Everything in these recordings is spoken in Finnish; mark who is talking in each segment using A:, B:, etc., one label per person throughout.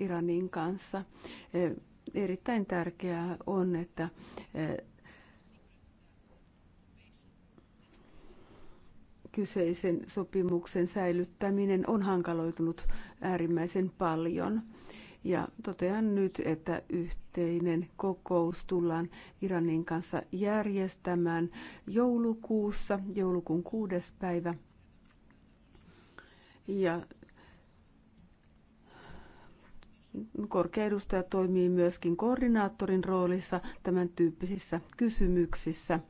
A: Iranin kanssa. Erittäin tärkeää on, että kyseisen sopimuksen säilyttäminen on hankaloitunut äärimmäisen paljon. Ja totean nyt, että yhteinen kokous tullaan Iranin kanssa järjestämään joulukuussa, joulukuun kuudes päivä. Ja korkea edustaja toimii myöskin koordinaattorin roolissa tämän tyyppisissä kysymyksissä.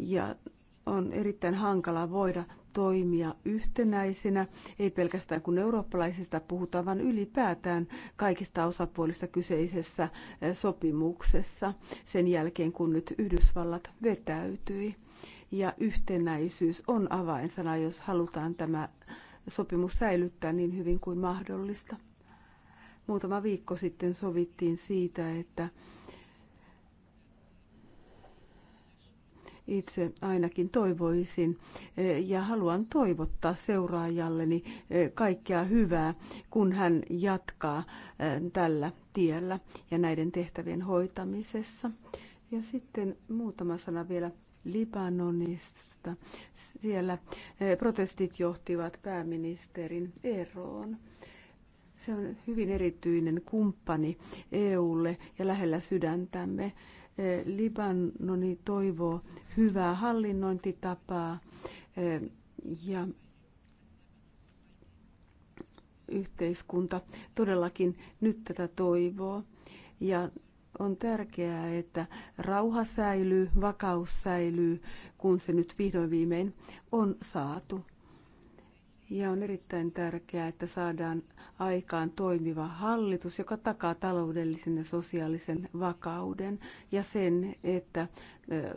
A: Ja on erittäin hankala voida toimia yhtenäisenä, ei pelkästään kun eurooppalaisista puhutaan, vaan ylipäätään kaikista osapuolista kyseisessä eh, sopimuksessa sen jälkeen, kun nyt Yhdysvallat vetäytyi. Ja yhtenäisyys on avainsana, jos halutaan tämä sopimus säilyttää niin hyvin kuin mahdollista. Muutama viikko sitten sovittiin siitä, että itse ainakin toivoisin eh, ja haluan toivottaa seuraajalleni eh, kaikkea hyvää, kun hän jatkaa eh, tällä tiellä ja näiden tehtävien hoitamisessa. Ja sitten muutama sana vielä Libanonista. Siellä protestit johtivat pääministerin eroon. Se on hyvin erityinen kumppani EUlle ja lähellä sydäntämme. Eh, Libanoni toivoo hyvää hallinnointitapaa eh, ja yhteiskunta todellakin nyt tätä toivoo. Ja on tärkeää, että rauha säilyy, vakaus säilyy, kun se nyt vihdoin viimein on saatu. Ja on erittäin tärkeää, että saadaan aikaan toimiva hallitus, joka takaa taloudellisen ja sosiaalisen vakauden ja sen, että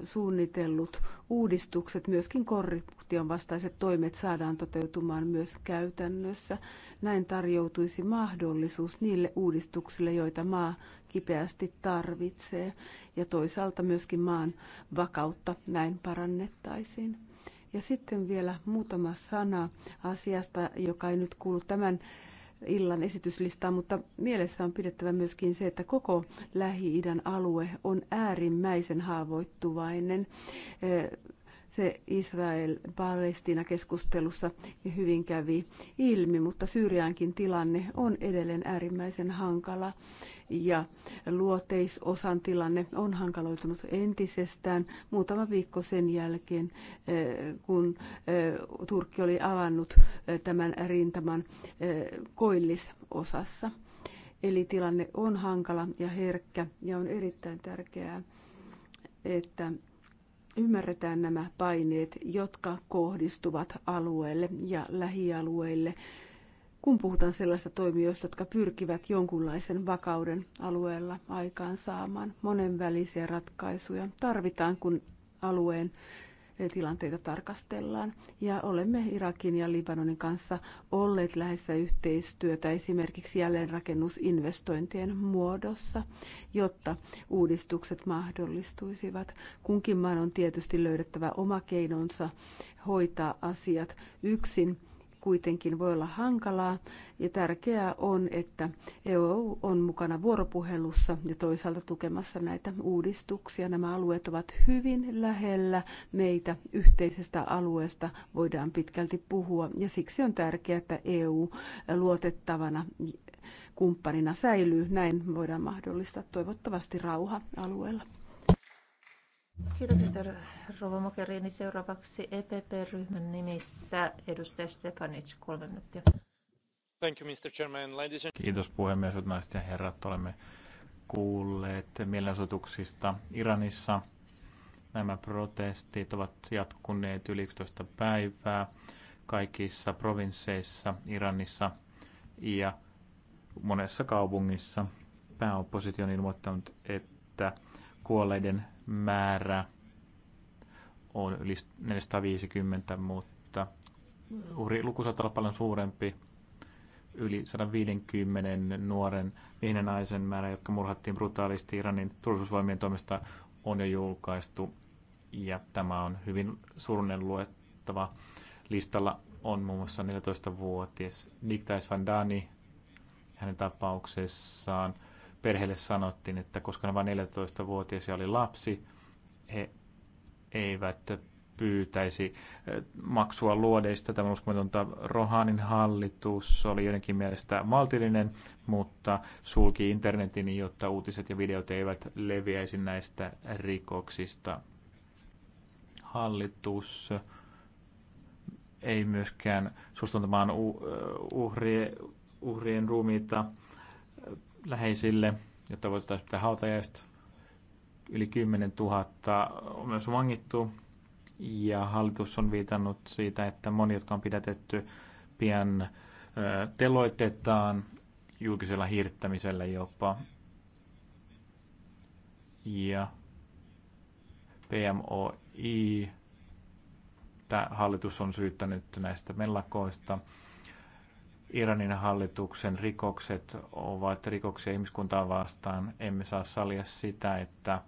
A: suunnitellut uudistukset, myöskin korruption vastaiset toimet saadaan toteutumaan myös käytännössä. Näin tarjoutuisi mahdollisuus niille uudistuksille, joita maa kipeästi tarvitsee ja toisaalta myöskin maan vakautta näin parannettaisiin. Ja sitten vielä muutama sana asiasta, joka ei nyt kuulu tämän illan esityslistaan, mutta mielessä on pidettävä myöskin se, että koko Lähi-idän alue on äärimmäisen haavoittuvainen. Se israel palestina keskustelussa hyvin kävi ilmi, mutta Syyriankin tilanne on edelleen äärimmäisen hankala ja luoteisosan tilanne on hankaloitunut entisestään muutama viikko sen jälkeen, eh, kun eh, Turkki oli avannut eh, tämän rintaman koillisosassa. Eli tilanne on hankala ja herkkä ja on erittäin tärkeää, että ymmärretään nämä paineet, jotka kohdistuvat alueelle ja lähialueille kun puhutaan sellaista toimijoista, jotka pyrkivät jonkunlaisen vakauden alueella aikaansaamaan. Monenvälisiä ratkaisuja tarvitaan, kun alueen eh, tilanteita tarkastellaan. Ja olemme Irakin ja Libanonin kanssa olleet lähessä yhteistyötä esimerkiksi jälleenrakennusinvestointien muodossa, jotta uudistukset mahdollistuisivat. Kunkin maan on tietysti löydettävä oma keinonsa hoitaa asiat yksin kuitenkin voi olla hankalaa ja tärkeää on, että EU on mukana vuoropuhelussa ja toisaalta tukemassa näitä uudistuksia. Nämä alueet ovat hyvin lähellä meitä. Yhteisestä alueesta voidaan pitkälti puhua ja siksi on tärkeää, että EU luotettavana kumppanina säilyy. Näin voidaan mahdollistaa toivottavasti rauha alueella.
B: Kiitokset, Rova Mokerini. Seuraavaksi EPP-ryhmän nimissä edustaja Stepanic, kolme minuuttia.
C: Thank you, Mr. Chairman. Ladies and... Kiitos puhemies, hyvät naiset ja herrat. Olemme kuulleet mielenosoituksista Iranissa. Nämä protestit ovat jatkuneet yli 11 päivää kaikissa provinsseissa Iranissa ja monessa kaupungissa. Pääoppositio on ilmoittanut, että kuolleiden määrä on yli 450, mutta uhriluku saattaa olla paljon suurempi, yli 150 nuoren miehen naisen määrä, jotka murhattiin brutaalisti Iranin turvallisuusvoimien toimesta, on jo julkaistu. Ja tämä on hyvin surunen luettava. Listalla on muun muassa 14-vuotias Niktais Vandani hänen tapauksessaan – perheelle sanottiin, että koska ne vain 14-vuotias ja oli lapsi, he eivät pyytäisi maksua luodeista. Tämä on uskomatonta. Rohanin hallitus oli jotenkin mielestä maltillinen, mutta sulki internetin, jotta uutiset ja videot eivät leviäisi näistä rikoksista. Hallitus ei myöskään suostunut uhrien, uhrien ruumiita läheisille, jotta voitaisiin pitää hautajaista. Yli 10 000 on myös vangittu ja hallitus on viitannut siitä, että moni, jotka on pidätetty, pian teloitetaan julkisella hirttämisellä jopa. Ja PMOI, tämä hallitus on syyttänyt näistä mellakoista. Iranin hallituksen rikokset ovat rikoksia ihmiskuntaa vastaan. Emme saa salia sitä, että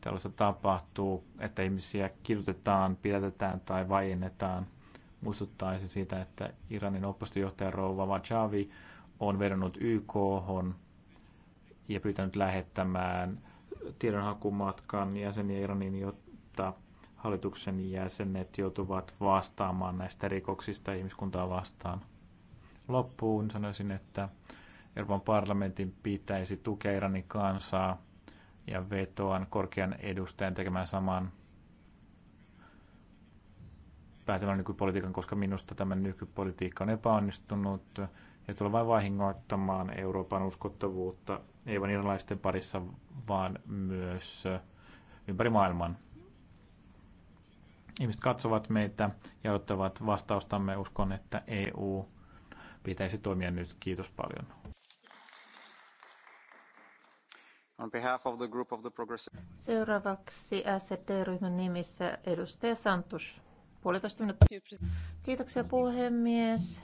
C: tällaista tapahtuu, että ihmisiä kidutetaan, pidätetään tai vaiennetaan. Muistuttaisin siitä, että Iranin oppositiojohtaja Rouva Vajavi on vedonnut YK ja pyytänyt lähettämään tiedonhakumatkan jäseniä Iraniin, jotta hallituksen jäsenet joutuvat vastaamaan näistä rikoksista ihmiskuntaa vastaan. Loppuun sanoisin, että Euroopan parlamentin pitäisi tukea Iranin kansaa ja vetoan korkean edustajan tekemään saman päätelmän nykypolitiikan, koska minusta tämä nykypolitiikka on epäonnistunut ja tulee vain vahingoittamaan Euroopan uskottavuutta, ei vain parissa, vaan myös ympäri maailman. Ihmiset katsovat meitä ja odottavat vastaustamme. Uskon, että EU pitäisi toimia nyt. Kiitos paljon. On behalf of the group of the progressive...
B: Seuraavaksi SD-ryhmän nimissä edustaja Santus. Puolitoista minuuttia. Kiitoksia puhemies.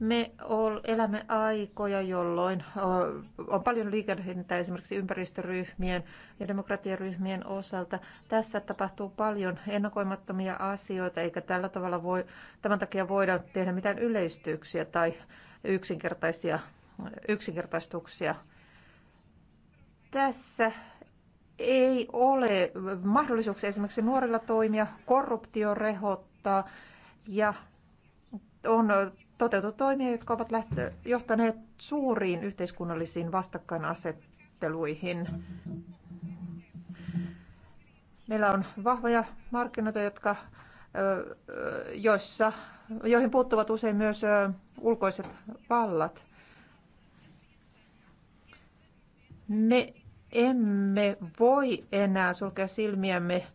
B: Me elämme aikoja, jolloin on paljon liikennettä esimerkiksi ympäristöryhmien ja demokratiaryhmien osalta. Tässä tapahtuu paljon ennakoimattomia asioita, eikä tällä tavalla voi, tämän takia voida tehdä mitään yleistyksiä tai yksinkertaisia, yksinkertaistuksia. Tässä ei ole mahdollisuuksia esimerkiksi nuorilla toimia, korruptio rehottaa ja on toteutu toimia, jotka ovat lähtö, johtaneet suuriin yhteiskunnallisiin vastakkainasetteluihin. Meillä on vahvoja markkinoita, jotka, joissa, joihin puuttuvat usein myös ulkoiset vallat. Me emme voi enää sulkea silmiämme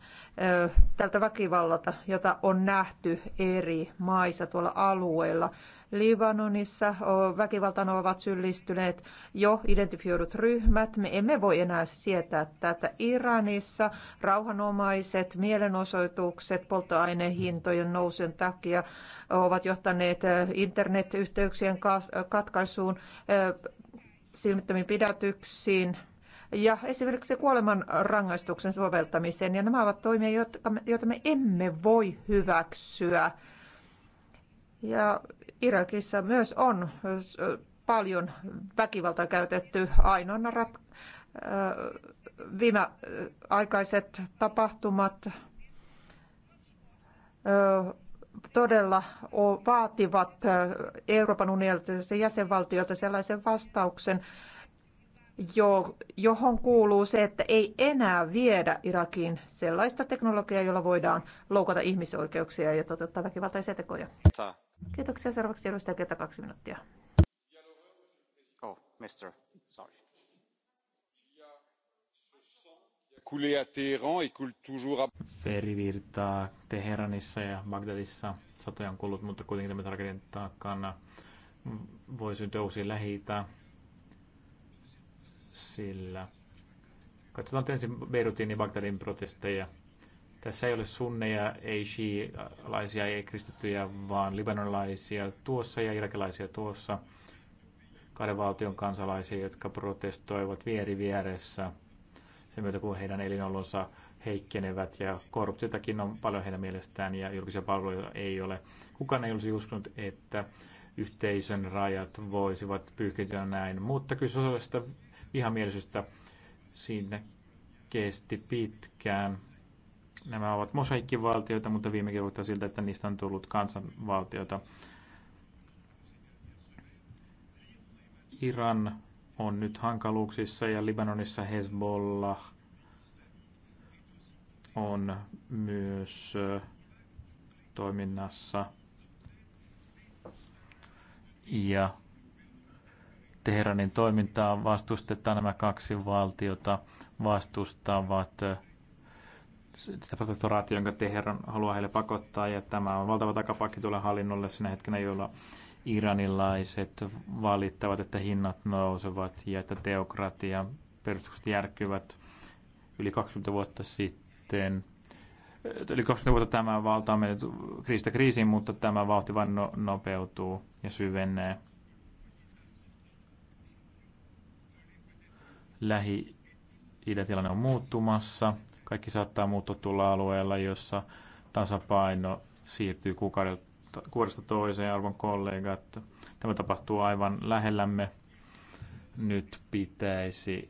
B: tältä väkivallalta, jota on nähty eri maissa tuolla alueella. Libanonissa väkivaltaan ovat syyllistyneet jo identifioidut ryhmät. Me emme voi enää sietää tätä. Iranissa rauhanomaiset mielenosoitukset polttoainehintojen nousun takia ovat johtaneet internetyhteyksien katkaisuun, silmittömiin pidätyksiin – ja esimerkiksi kuoleman rangaistuksen soveltamiseen. Ja nämä ovat toimia, joita me emme voi hyväksyä. Ja Irakissa myös on paljon väkivaltaa käytetty ainoana rat- viimeaikaiset tapahtumat todella vaativat Euroopan unionilta jäsenvaltiota sellaisen vastauksen, johon kuuluu se, että ei enää viedä Irakiin sellaista teknologiaa, jolla voidaan loukata ihmisoikeuksia ja toteuttaa väkivaltaisia tekoja. Kiitoksia. Seuraavaksi edustaja kertaa kaksi minuuttia.
C: Oh, mister. Sorry. Verivirtaa Teheranissa ja Bagdadissa. Satoja on mutta kuitenkin tämä tragedian takana voi syntyä uusia lähi sillä. Katsotaan ensin Beirutin ja Bagdadin protesteja. Tässä ei ole sunneja, ei shiilaisia, ei kristittyjä, vaan libanonlaisia tuossa ja irakilaisia tuossa. Kahden valtion kansalaisia, jotka protestoivat vieri vieressä sen myötä, kun heidän elinolonsa heikkenevät ja korruptiotakin on paljon heidän mielestään ja julkisia palveluja ei ole. Kukaan ei olisi uskonut, että yhteisön rajat voisivat pyyhkiytyä näin, mutta kyse on vihamielisyyttä. Siinä kesti pitkään. Nämä ovat mosaikkivaltioita, mutta viime vuotta siltä, että niistä on tullut kansanvaltioita. Iran on nyt hankaluuksissa ja Libanonissa Hezbollah on myös toiminnassa. Ja Teheranin toimintaa vastustetaan. Nämä kaksi valtiota vastustavat eh, sitä protektoraatio, jonka Teheran haluaa heille pakottaa, ja tämä on valtava takapakki tuolle hallinnolle sinä hetkenä, jolla iranilaiset valittavat, että hinnat nousevat ja että teokratia perustukset järkyvät yli 20 vuotta sitten. Eh, yli 20 vuotta tämä valta on mennyt kriisistä kriisiin, mutta tämä vauhti vain no- nopeutuu ja syvenee. lähi tilanne on muuttumassa. Kaikki saattaa muuttua tulla alueella, jossa tasapaino siirtyy kuukaudesta toiseen, arvon kollegat. Tämä tapahtuu aivan lähellämme. Nyt pitäisi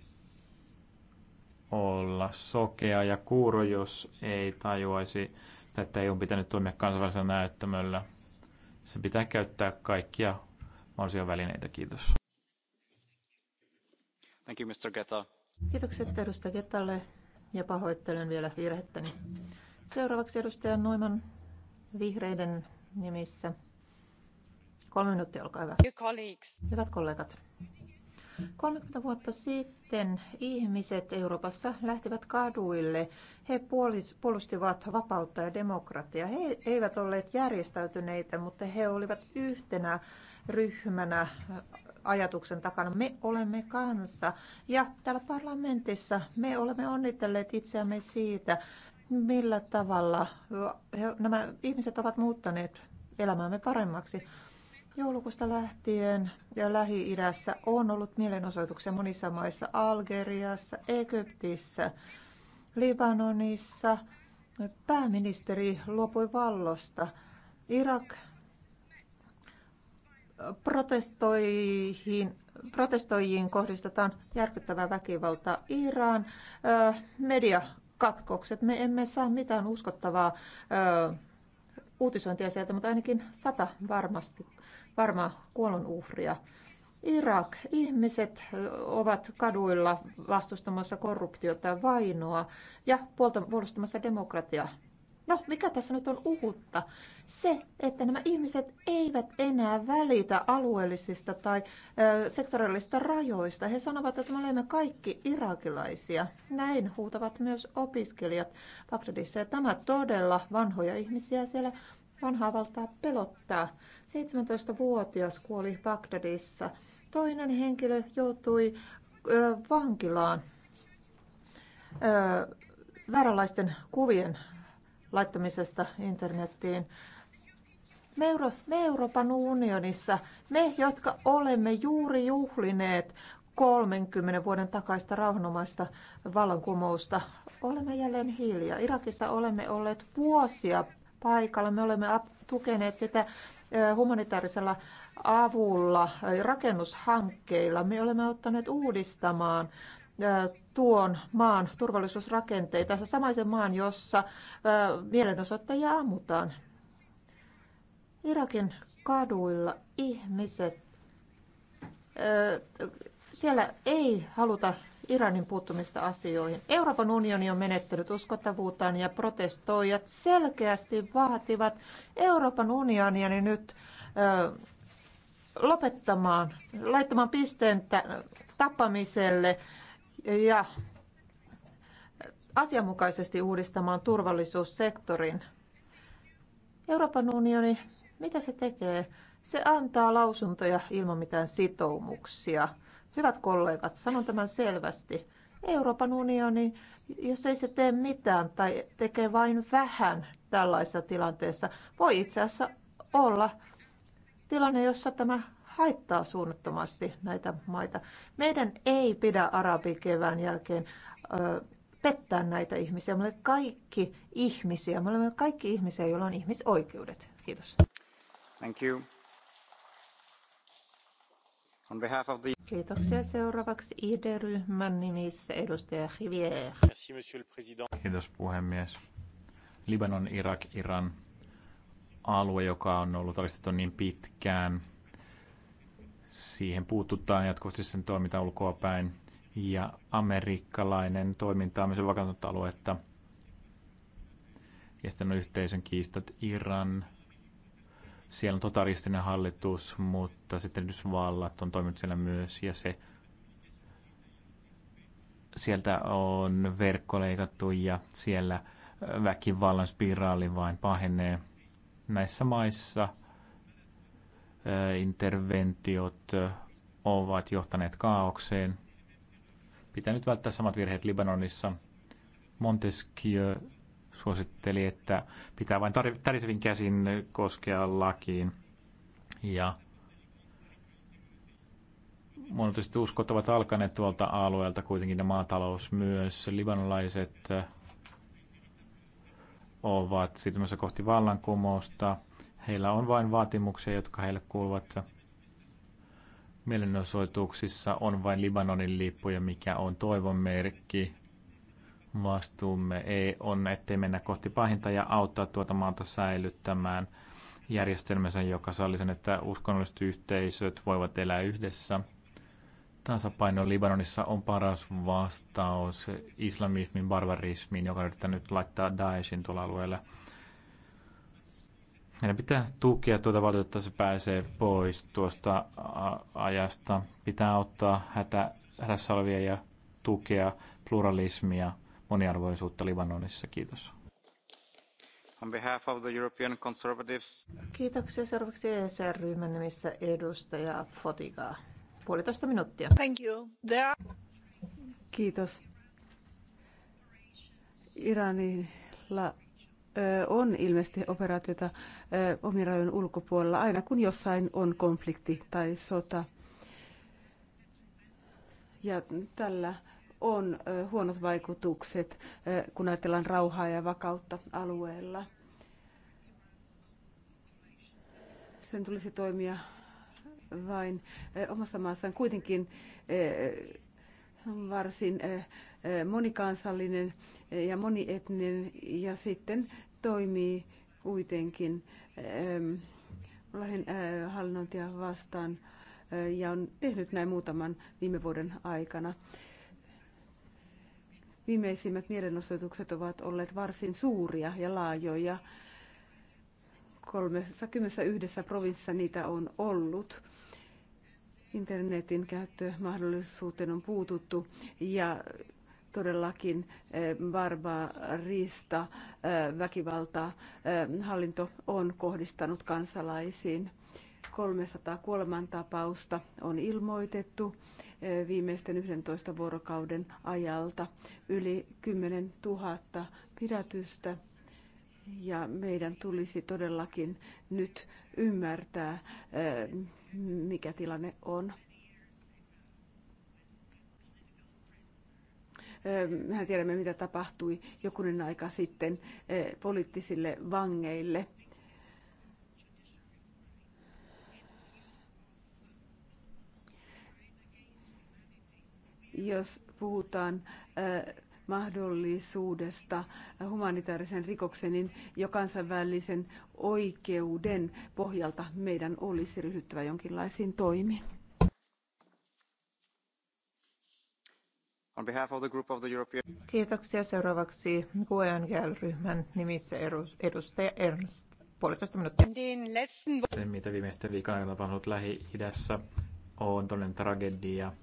C: olla sokea ja kuuro, jos ei tajuaisi sitä, että ei ole pitänyt toimia kansainvälisellä näyttämöllä. Sen pitää käyttää kaikkia mahdollisia välineitä. Kiitos. Thank you, Mr. Geta.
B: Kiitokset edustaja Getalle ja pahoittelen vielä virhettäni. Seuraavaksi edustaja Noiman vihreiden nimissä. Kolme minuuttia, olkaa hyvä. Hyvät kollegat. 30 vuotta sitten ihmiset Euroopassa lähtivät kaduille. He puolustivat vapautta ja demokratiaa. He eivät olleet järjestäytyneitä, mutta he olivat yhtenä ryhmänä ajatuksen takana. Me olemme kanssa ja täällä parlamentissa me olemme onnitelleet itseämme siitä, millä tavalla nämä ihmiset ovat muuttaneet elämäämme paremmaksi. Joulukuusta lähtien ja Lähi-idässä on ollut mielenosoituksia monissa maissa, Algeriassa, Egyptissä, Libanonissa. Pääministeri luopui vallosta. Irak protestoihin, protestoijiin kohdistetaan järkyttävää väkivaltaa. Iran, äh, mediakatkokset, me emme saa mitään uskottavaa äh, uutisointia sieltä, mutta ainakin sata varmasti, varmaa kuolonuhria. Irak, ihmiset äh, ovat kaduilla vastustamassa korruptiota ja vainoa ja puolustamassa demokratiaa. No, mikä tässä nyt on uutta? Se, että nämä ihmiset eivät enää välitä alueellisista tai ö, sektorillisista rajoista. He sanovat, että me olemme kaikki irakilaisia. Näin huutavat myös opiskelijat Bagdadissa. Ja tämä todella vanhoja ihmisiä siellä vanhaa valtaa pelottaa. 17-vuotias kuoli Bagdadissa. Toinen henkilö joutui ö, vankilaan ö, vääränlaisten kuvien laittamisesta internettiin. Me, Euro- me Euroopan unionissa, me jotka olemme juuri juhlineet 30 vuoden takaista rauhanomaista vallankumousta, olemme jälleen hiljaa. Irakissa olemme olleet vuosia paikalla. Me olemme tukeneet sitä humanitaarisella avulla, rakennushankkeilla. Me olemme ottaneet uudistamaan tuon maan turvallisuusrakenteita, samaisen maan, jossa mielenosoittajia ammutaan. Irakin kaduilla ihmiset, siellä ei haluta Iranin puuttumista asioihin. Euroopan unioni on menettänyt uskottavuuttaan ja protestoijat selkeästi vaativat Euroopan unionia niin nyt lopettamaan, laittamaan pisteen tappamiselle ja asianmukaisesti uudistamaan turvallisuussektorin. Euroopan unioni, mitä se tekee? Se antaa lausuntoja ilman mitään sitoumuksia. Hyvät kollegat, sanon tämän selvästi. Euroopan unioni, jos ei se tee mitään tai tekee vain vähän tällaisessa tilanteessa, voi itse asiassa olla tilanne, jossa tämä haittaa suunnattomasti näitä maita. Meidän ei pidä arabikevään jälkeen ö, pettää näitä ihmisiä. Me olemme kaikki ihmisiä. Me olemme kaikki ihmisiä, joilla on ihmisoikeudet. Kiitos.
C: Thank you. On behalf of the...
B: Kiitoksia. Seuraavaksi ID-ryhmän nimissä edustaja Rivier.
C: Merci, monsieur le président. Kiitos puhemies. Libanon, Irak, Iran alue, joka on ollut alistettu niin pitkään – Siihen puututaan jatkuvasti sen toiminta ulkoapäin ja amerikkalainen toiminta on myös vakantunut aluetta. Ja sitten on yhteisön kiistat Iran. Siellä on totalistinen hallitus, mutta sitten Yhdysvallat on toiminut siellä myös ja se sieltä on verkko leikattu ja siellä väkivallan spiraali vain pahenee. Näissä maissa interventiot ovat johtaneet kaaukseen. Pitää nyt välttää samat virheet Libanonissa. Montesquieu suositteli, että pitää vain tärisevin käsin koskea lakiin. Ja monesti uskot ovat alkaneet tuolta alueelta kuitenkin ja maatalous myös. Libanolaiset ovat siirtymässä kohti vallankumousta Heillä on vain vaatimuksia, jotka heille kuuluvat. Mielenosoituksissa on vain Libanonin lippuja, mikä on toivon merkki. Vastuumme ei on, ettei mennä kohti pahinta ja auttaa tuota maata säilyttämään järjestelmänsä, joka sallii sen, että uskonnolliset yhteisöt voivat elää yhdessä. Tasapaino Libanonissa on paras vastaus islamismin, barbarismiin, joka on yrittänyt laittaa Daeshin tuolla alueella. Meidän pitää tukea tuota valtiota, että se pääsee pois tuosta ajasta. Pitää ottaa hätä, hädässä olevia ja tukea pluralismia, moniarvoisuutta Libanonissa. Kiitos. On behalf of the European Conservatives.
B: Kiitoksia. Seuraavaksi ESR-ryhmän nimissä edustaja
A: Fotiga. Puolitoista minuuttia. Thank you. There... Kiitos. Iranilla on ilmeisesti operaatiota omien rajojen ulkopuolella, aina kun jossain on konflikti tai sota. Ja tällä on huonot vaikutukset, kun ajatellaan rauhaa ja vakautta alueella. Sen tulisi toimia vain omassa maassaan. Kuitenkin varsin monikansallinen ja monietninen ja sitten toimii kuitenkin ähm, äh, hallinnointia vastaan äh, ja on tehnyt näin muutaman viime vuoden aikana. Viimeisimmät mielenosoitukset ovat olleet varsin suuria ja laajoja. 31 provinssissa niitä on ollut. Internetin käyttömahdollisuuteen on puututtu ja todellakin eh, riista eh, väkivaltaa eh, hallinto on kohdistanut kansalaisiin. 300 kuolemantapausta on ilmoitettu viimeisten 11 vuorokauden ajalta, yli 10 000 pidätystä. Ja meidän tulisi todellakin nyt ymmärtää, mikä tilanne on. Mehän tiedämme, mitä tapahtui jokunen aika sitten poliittisille vangeille. Jos puhutaan mahdollisuudesta humanitaarisen rikoksen niin jo kansainvälisen oikeuden pohjalta meidän olisi ryhdyttävä jonkinlaisiin toimiin.
C: On behalf of the group of the European...
B: Kiitoksia. Seuraavaksi QNGL-ryhmän nimissä edustaja
C: Ernst. Puolitoista minuuttia. Se, mitä viimeisten viikon aikana on tapahtunut Lähi-idässä, on todellinen tragedia.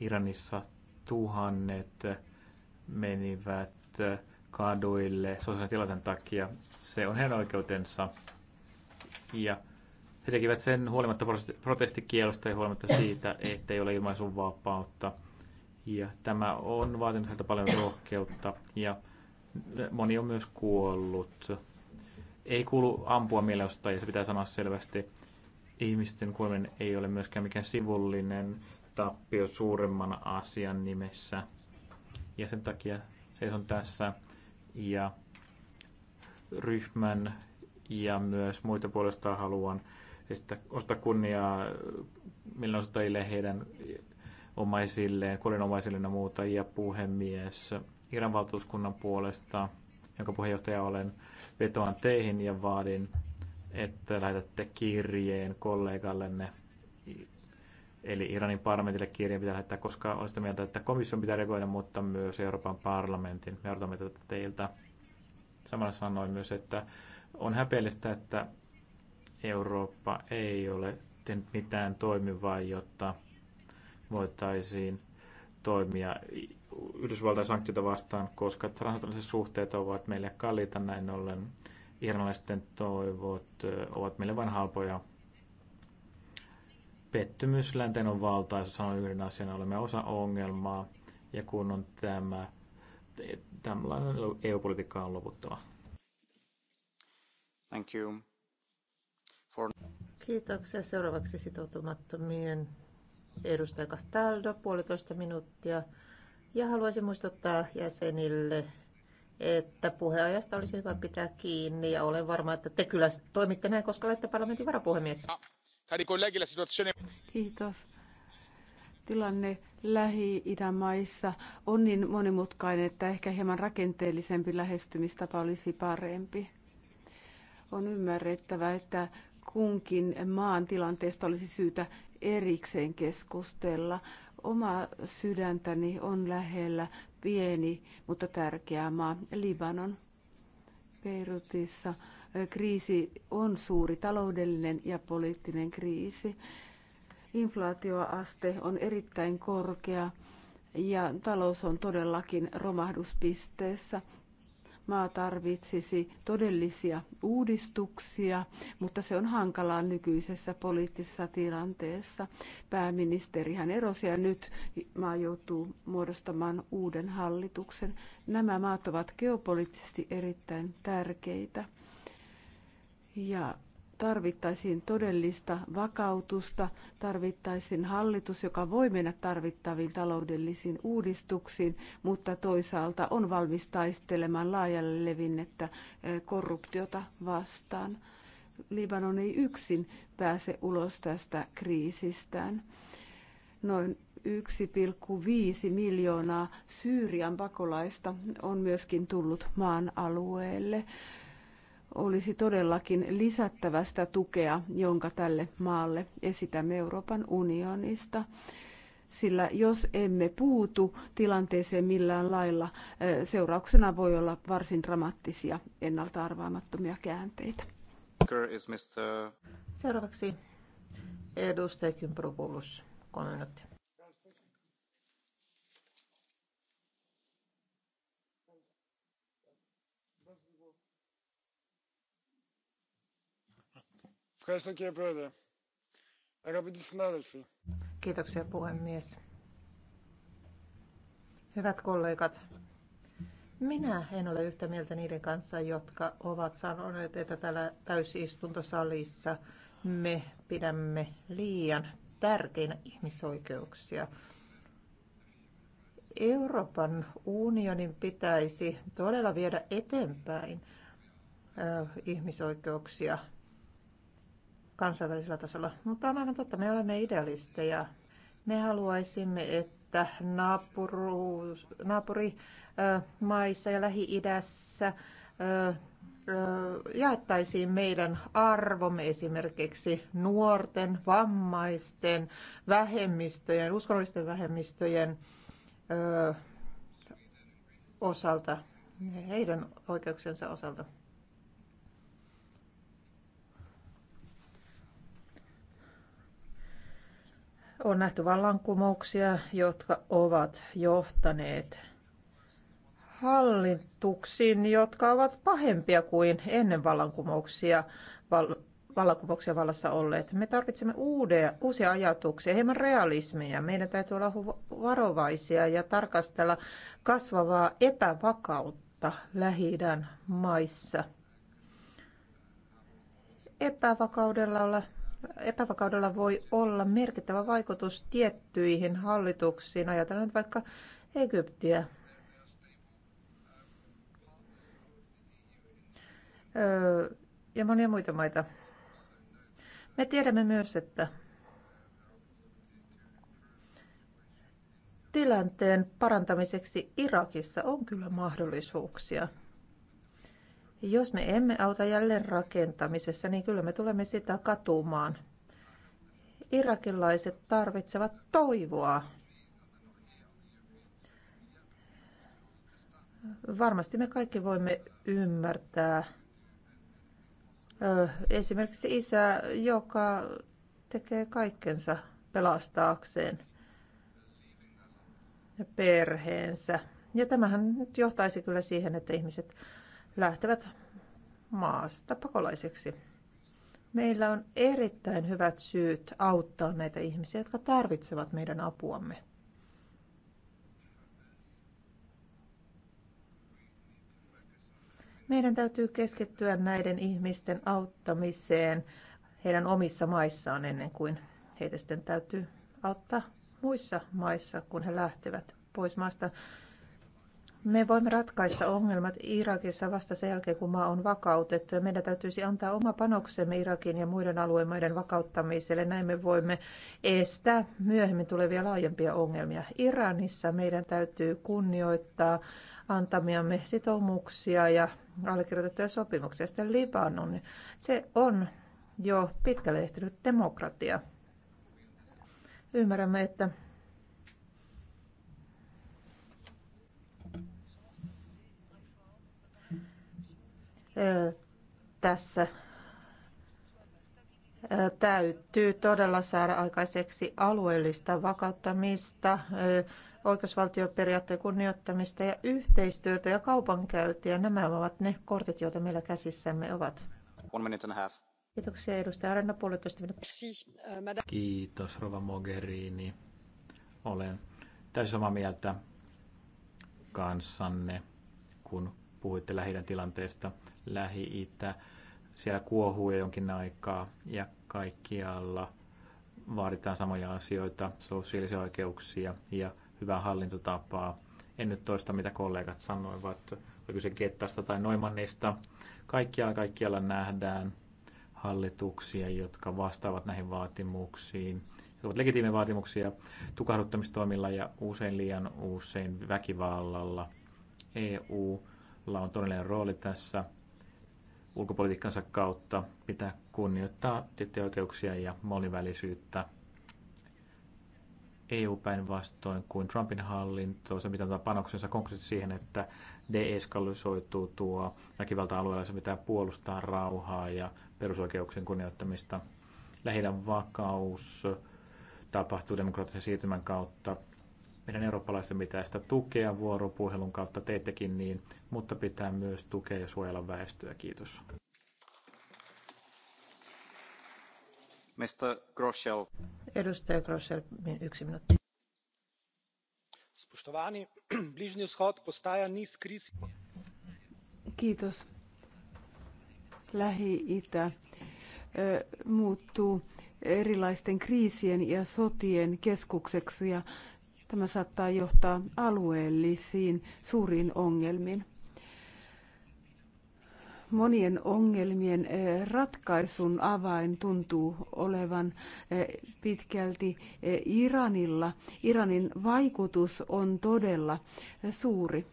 C: Iranissa tuhannet menivät kaduille sosiaalisen tilanteen takia. Se on heidän oikeutensa. Ja he tekivät sen huolimatta protestikielosta ja huolimatta siitä, ettei ole ilmaisun vapautta – ja tämä on vaatinut häneltä paljon rohkeutta ja moni on myös kuollut. Ei kuulu ampua mielenosta ja se pitää sanoa selvästi. Ihmisten kuoleminen ei ole myöskään mikään sivullinen tappio suuremman asian nimessä. Ja sen takia seison tässä ja ryhmän ja myös muita puolestaan haluan ostaa kunniaa mielenosoittajille heidän omaisilleen, kuolinomaisille ja muuta, ja puhemies Iran valtuuskunnan puolesta, jonka puheenjohtaja olen, vetoan teihin ja vaadin, että lähetätte kirjeen kollegallenne, eli Iranin parlamentille kirjeen pitää lähettää, koska olen sitä mieltä, että komission pitää reagoida, mutta myös Euroopan parlamentin. Me odotamme tätä teiltä. Samalla sanoin myös, että on häpeellistä, että Eurooppa ei ole tehnyt mitään toimivaa, jotta voitaisiin toimia Yhdysvaltain sanktioita vastaan, koska transatlanttiset suhteet ovat meille kalliita näin ollen. Irlannilaisten toivot ovat meille vain halpoja. Pettymys länteen on valtaisa, sanon yhden asian, olemme osa ongelmaa ja kun on tämä, tällainen EU-politiikka on loputtava. Thank you. For...
B: Kiitoksia. Seuraavaksi sitoutumattomien edustaja Castaldo, puolitoista minuuttia. Ja haluaisin muistuttaa jäsenille, että puheajasta olisi hyvä pitää kiinni ja olen varma, että te kyllä toimitte näin, koska olette parlamentin varapuhemies. No,
A: Kiitos. Tilanne Lähi-idän maissa on niin monimutkainen, että ehkä hieman rakenteellisempi lähestymistapa olisi parempi. On ymmärrettävä, että kunkin maan tilanteesta olisi syytä erikseen keskustella. Oma sydäntäni on lähellä pieni, mutta tärkeä maa, Libanon. Beirutissa kriisi on suuri taloudellinen ja poliittinen kriisi. Inflaatioaste on erittäin korkea ja talous on todellakin romahduspisteessä maa tarvitsisi todellisia uudistuksia, mutta se on hankalaa nykyisessä poliittisessa tilanteessa. Pääministeri erosi ja nyt maa joutuu muodostamaan uuden hallituksen. Nämä maat ovat geopoliittisesti erittäin tärkeitä. Ja tarvittaisiin todellista vakautusta, tarvittaisiin hallitus, joka voi mennä tarvittaviin taloudellisiin uudistuksiin, mutta toisaalta on valmis taistelemaan laajalle levinnettä eh, korruptiota vastaan. Libanon ei yksin pääse ulos tästä kriisistään. Noin 1,5 miljoonaa Syyrian pakolaista on myöskin tullut maan alueelle olisi todellakin lisättävä sitä tukea, jonka tälle maalle esitämme Euroopan unionista. Sillä jos emme puutu tilanteeseen millään lailla, seurauksena voi olla varsin dramaattisia ennalta arvaamattomia käänteitä. Seuraavaksi edustaja
B: Kympropoulos, kolme minuuttia. Kiitoksia puhemies. Hyvät kollegat, minä en ole yhtä mieltä niiden kanssa, jotka ovat sanoneet, että täällä täysistuntosalissa me pidämme liian tärkeinä ihmisoikeuksia. Euroopan unionin pitäisi todella viedä eteenpäin ihmisoikeuksia kansainvälisellä tasolla. Mutta on aivan totta, me olemme idealisteja. Me haluaisimme, että naapuruus, naapurimaissa ja Lähi-idässä jaettaisiin meidän arvomme esimerkiksi nuorten, vammaisten, vähemmistöjen, uskonnollisten vähemmistöjen osalta, heidän oikeuksensa osalta. On nähty vallankumouksia, jotka ovat johtaneet hallituksiin, jotka ovat pahempia kuin ennen vallankumouksia, val, vallankumouksia vallassa olleet. Me tarvitsemme uudeja, uusia ajatuksia, hieman realismia. Meidän täytyy olla varovaisia ja tarkastella kasvavaa epävakautta lähi maissa. Epävakaudella olla epävakaudella voi olla merkittävä vaikutus tiettyihin hallituksiin. Ajatellaan vaikka Egyptiä. Ja monia muita maita. Me tiedämme myös, että tilanteen parantamiseksi Irakissa on kyllä mahdollisuuksia. Jos me emme auta jälleen rakentamisessa, niin kyllä me tulemme sitä katumaan. Irakilaiset tarvitsevat toivoa. Varmasti me kaikki voimme ymmärtää esimerkiksi isä, joka tekee kaikkensa pelastaakseen perheensä. Ja tämähän nyt johtaisi kyllä siihen, että ihmiset lähtevät maasta pakolaisiksi. Meillä on erittäin hyvät syyt auttaa näitä ihmisiä, jotka tarvitsevat meidän apuamme. Meidän täytyy keskittyä näiden ihmisten auttamiseen heidän omissa maissaan ennen kuin heitä sitten täytyy auttaa muissa maissa, kun he lähtevät pois maasta. Me voimme ratkaista ongelmat Irakissa vasta sen jälkeen, kun maa on vakautettu ja meidän täytyisi antaa oma panoksemme Irakin ja muiden alueiden vakauttamiselle. Näin me voimme estää myöhemmin tulevia laajempia ongelmia. Iranissa meidän täytyy kunnioittaa antamiamme sitoumuksia ja allekirjoitettuja sopimuksia. Sitten Libanon, se on jo pitkälle ehtinyt demokratia. Ymmärrämme, että tässä täytyy todella saada aikaiseksi alueellista vakauttamista, oikeusvaltioperiaatteen kunnioittamista ja yhteistyötä ja kaupankäyntiä. Nämä ovat ne kortit, joita meillä käsissämme ovat.
C: One minute and a half.
B: Kiitoksia edustaja Arena, puolitoista minuuttia.
C: Äh, Kiitos Rova Mogherini. Olen täysin samaa mieltä kanssanne, kun puhuitte lähi tilanteesta, Lähi-Itä, siellä kuohuu jo jonkin aikaa ja kaikkialla vaaditaan samoja asioita, sosiaalisia oikeuksia ja hyvää hallintotapaa. En nyt toista, mitä kollegat sanoivat, oliko se Kettasta tai Noimannista. Kaikkialla, kaikkialla nähdään hallituksia, jotka vastaavat näihin vaatimuksiin. Ne ovat legitiimejä vaatimuksia tukahduttamistoimilla ja usein liian usein väkivallalla. EU on todellinen rooli tässä ulkopolitiikkansa kautta. Pitää kunnioittaa tiettyjä oikeuksia ja monivälisyyttä. EU päin vastoin kuin Trumpin hallinto, se mitä antaa panoksensa konkreettisesti siihen, että deeskalisoituu tuo väkivalta-alueella, se pitää puolustaa rauhaa ja perusoikeuksien kunnioittamista. lähinnä vakaus tapahtuu demokraattisen siirtymän kautta meidän eurooppalaisten pitää sitä tukea vuoropuhelun kautta, teettekin niin, mutta pitää myös tukea ja suojella väestöä. Kiitos. Mr. Groschel. Edustaja
B: Groschel, yksi minuutti.
D: Spoštovani, Bližnji vzhod postaja niz kriz.
A: Kiitos. Lähi-Itä e, muuttuu erilaisten kriisien ja sotien keskukseksi ja Tämä saattaa johtaa alueellisiin suuriin ongelmiin. Monien ongelmien eh, ratkaisun avain tuntuu olevan eh, pitkälti eh, Iranilla. Iranin vaikutus on todella suuri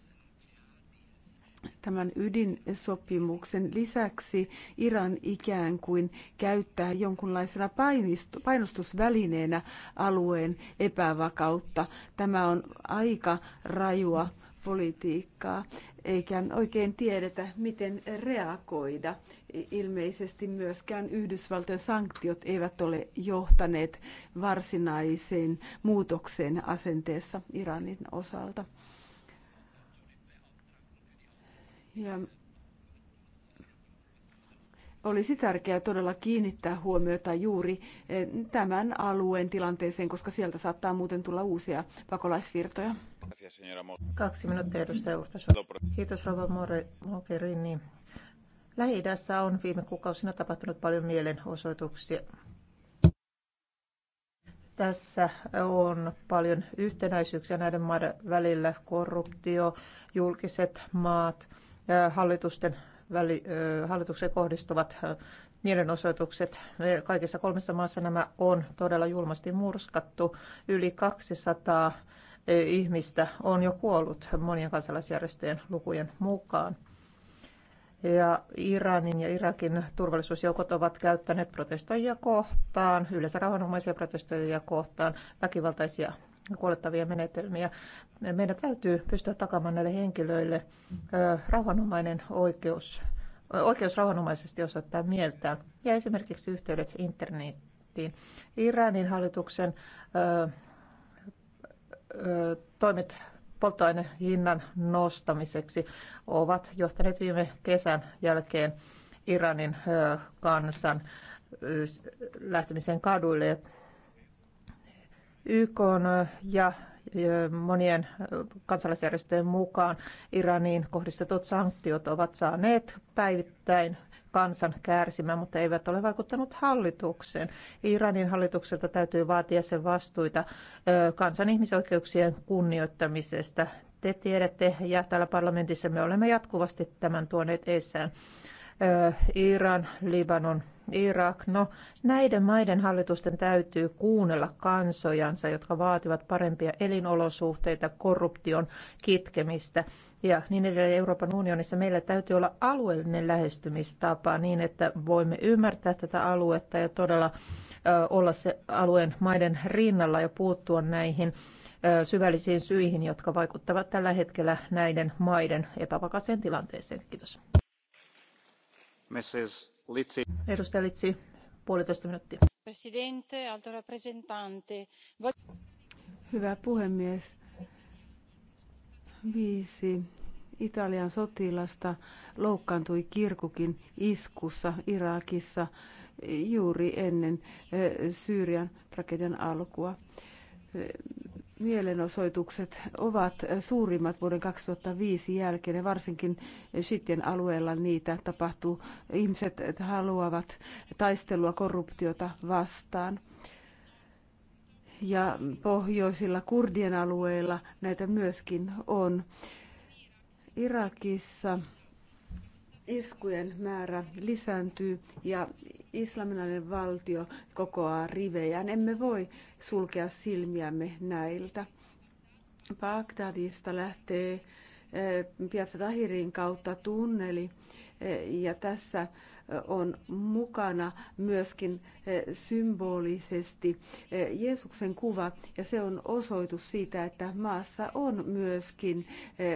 A: tämän ydinsopimuksen lisäksi Iran ikään kuin käyttää jonkunlaisena painostusvälineenä alueen epävakautta. Tämä on aika rajua politiikkaa, eikä oikein tiedetä, miten reagoida. Ilmeisesti myöskään Yhdysvaltojen sanktiot eivät ole johtaneet varsinaiseen muutokseen asenteessa Iranin osalta. Ja olisi tärkeää todella kiinnittää huomiota juuri eh, tämän alueen tilanteeseen, koska sieltä saattaa muuten tulla uusia pakolaisvirtoja. Kaksi minuuttia
B: edustaja Urtasun. Kiitos Rova Mogherini. lähi on viime kuukausina tapahtunut paljon mielenosoituksia. Tässä on paljon yhtenäisyyksiä näiden maiden välillä, korruptio, julkiset maat – hallitusten väli, hallitukseen kohdistuvat mielenosoitukset. Kaikissa kolmessa maassa nämä on todella julmasti murskattu. Yli 200 ihmistä on jo kuollut monien kansalaisjärjestöjen lukujen mukaan. Ja Iranin ja Irakin turvallisuusjoukot ovat käyttäneet protestoijia kohtaan, yleensä rauhanomaisia protestoijia kohtaan, väkivaltaisia kuolettavia menetelmiä. Meidän täytyy pystyä takamaan näille henkilöille rauhanomainen oikeus, oikeus rauhanomaisesti osoittaa mieltään ja esimerkiksi yhteydet internettiin. Iranin hallituksen toimet polttoainehinnan nostamiseksi ovat johtaneet viime kesän jälkeen Iranin kansan lähtemiseen kaduille ja YK ja monien kansalaisjärjestöjen mukaan Iraniin kohdistetut sanktiot ovat saaneet päivittäin kansan kärsimään, mutta eivät ole vaikuttanut hallitukseen. Iranin hallitukselta täytyy vaatia sen vastuita kansan ihmisoikeuksien kunnioittamisesta. Te tiedätte ja täällä parlamentissa me olemme jatkuvasti tämän tuoneet esään. Iran, Libanon, Irak. No, näiden maiden hallitusten täytyy kuunnella kansojansa, jotka vaativat parempia elinolosuhteita, korruption kitkemistä ja niin edelleen Euroopan unionissa. Meillä täytyy olla alueellinen lähestymistapa niin, että voimme ymmärtää tätä aluetta ja todella olla se alueen maiden rinnalla ja puuttua näihin syvällisiin syihin, jotka vaikuttavat tällä hetkellä näiden maiden epävakaiseen tilanteeseen. Kiitos.
C: Mrs.
D: Presidente,
A: Hyvä puhemies. Viisi Italian sotilasta loukkaantui Kirkukin iskussa Irakissa juuri ennen eh, Syyrian tragedian alkua eh, Mielenosoitukset ovat suurimmat vuoden 2005 jälkeen ja varsinkin sitten alueella niitä tapahtuu. Ihmiset haluavat taistelua korruptiota vastaan ja pohjoisilla kurdien alueilla näitä myöskin on. Irakissa iskujen määrä lisääntyy ja Islamilainen valtio kokoaa rivejään. Emme voi sulkea silmiämme näiltä. Bagdadista lähtee eh, Piazza Tahirin kautta tunneli eh, ja tässä eh, on mukana myöskin symbolisesti Jeesuksen kuva ja se on osoitus siitä, että maassa on myöskin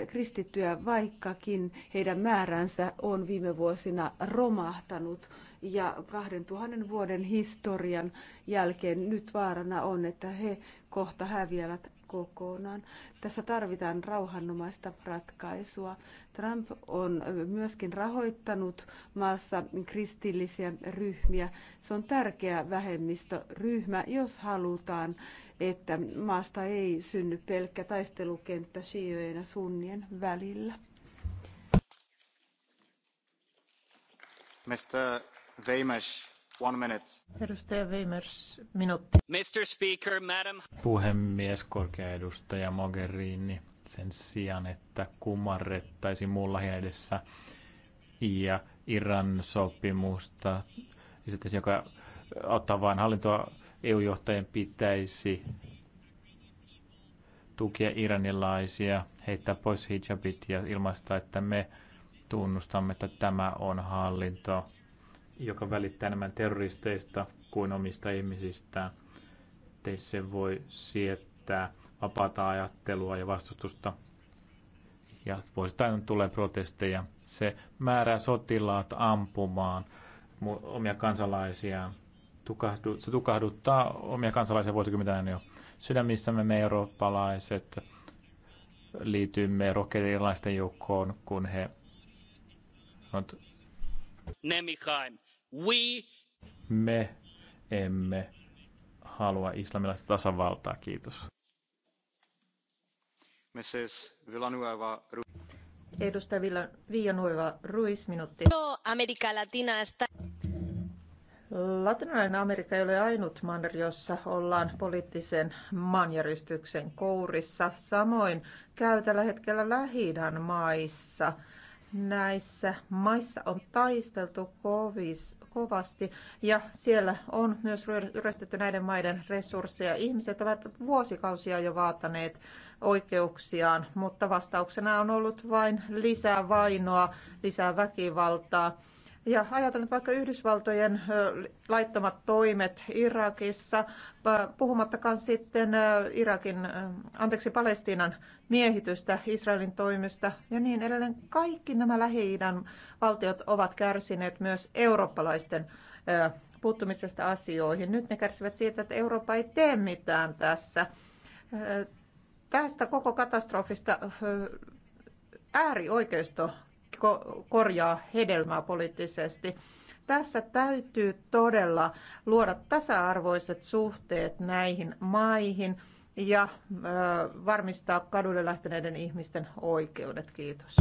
A: kristittyä, vaikkakin heidän määränsä on viime vuosina romahtanut ja 2000 vuoden historian jälkeen nyt vaarana on, että he kohta häviävät kokonaan. Tässä tarvitaan rauhanomaista ratkaisua. Trump on myöskin rahoittanut maassa kristillisiä ryhmiä. Se on tärkeä vähemmistöryhmä, jos halutaan, että maasta ei synny pelkkä taistelukenttä shiojen ja sunnien välillä.
C: Mr arvoisa one minute. Puhemies, korkea edustaja Mogherini, sen sijaan, että kumarrettaisiin mulla edessä ja Iran sopimusta, joka ottaa vain hallintoa EU-johtajien pitäisi tukea iranilaisia, heittää pois hijabit ja ilmaista, että me tunnustamme, että tämä on hallinto, joka välittää enemmän terroristeista kuin omista ihmisistään. Teissä voi siettää vapaata ajattelua ja vastustusta. Ja vuosittain tulee protesteja. Se määrää sotilaat ampumaan omia kansalaisiaan. Tukahdu, se tukahduttaa omia kansalaisia vuosikymmenään jo. Sydämissämme me eurooppalaiset liityimme roketerilaisten joukkoon, kun he ovat We... Me emme halua islamilaista tasavaltaa, kiitos. Mrs. Villanueva.
B: Edustaja Villa, Villanueva Ruiz, minuutti.
C: No, Amerikka Latina Sta...
B: Latinalainen Amerikka ei ole ainut manner, jossa ollaan poliittisen maanjäristyksen kourissa. Samoin käy tällä hetkellä lähi maissa – näissä maissa on taisteltu kovis, kovasti ja siellä on myös ryöstetty näiden maiden resursseja. Ihmiset ovat vuosikausia jo vaataneet oikeuksiaan, mutta vastauksena on ollut vain lisää vainoa, lisää väkivaltaa ja ajatellaan vaikka Yhdysvaltojen laittomat toimet Irakissa, puhumattakaan sitten Irakin, anteeksi Palestiinan miehitystä Israelin toimesta ja niin edelleen. Kaikki nämä lähi valtiot ovat kärsineet myös eurooppalaisten puuttumisesta asioihin. Nyt ne kärsivät siitä, että Eurooppa ei tee mitään tässä. Tästä koko katastrofista äärioikeisto korjaa hedelmää poliittisesti. Tässä täytyy todella luoda tasa-arvoiset suhteet näihin maihin ja varmistaa kadulle lähteneiden ihmisten oikeudet.
C: Kiitos.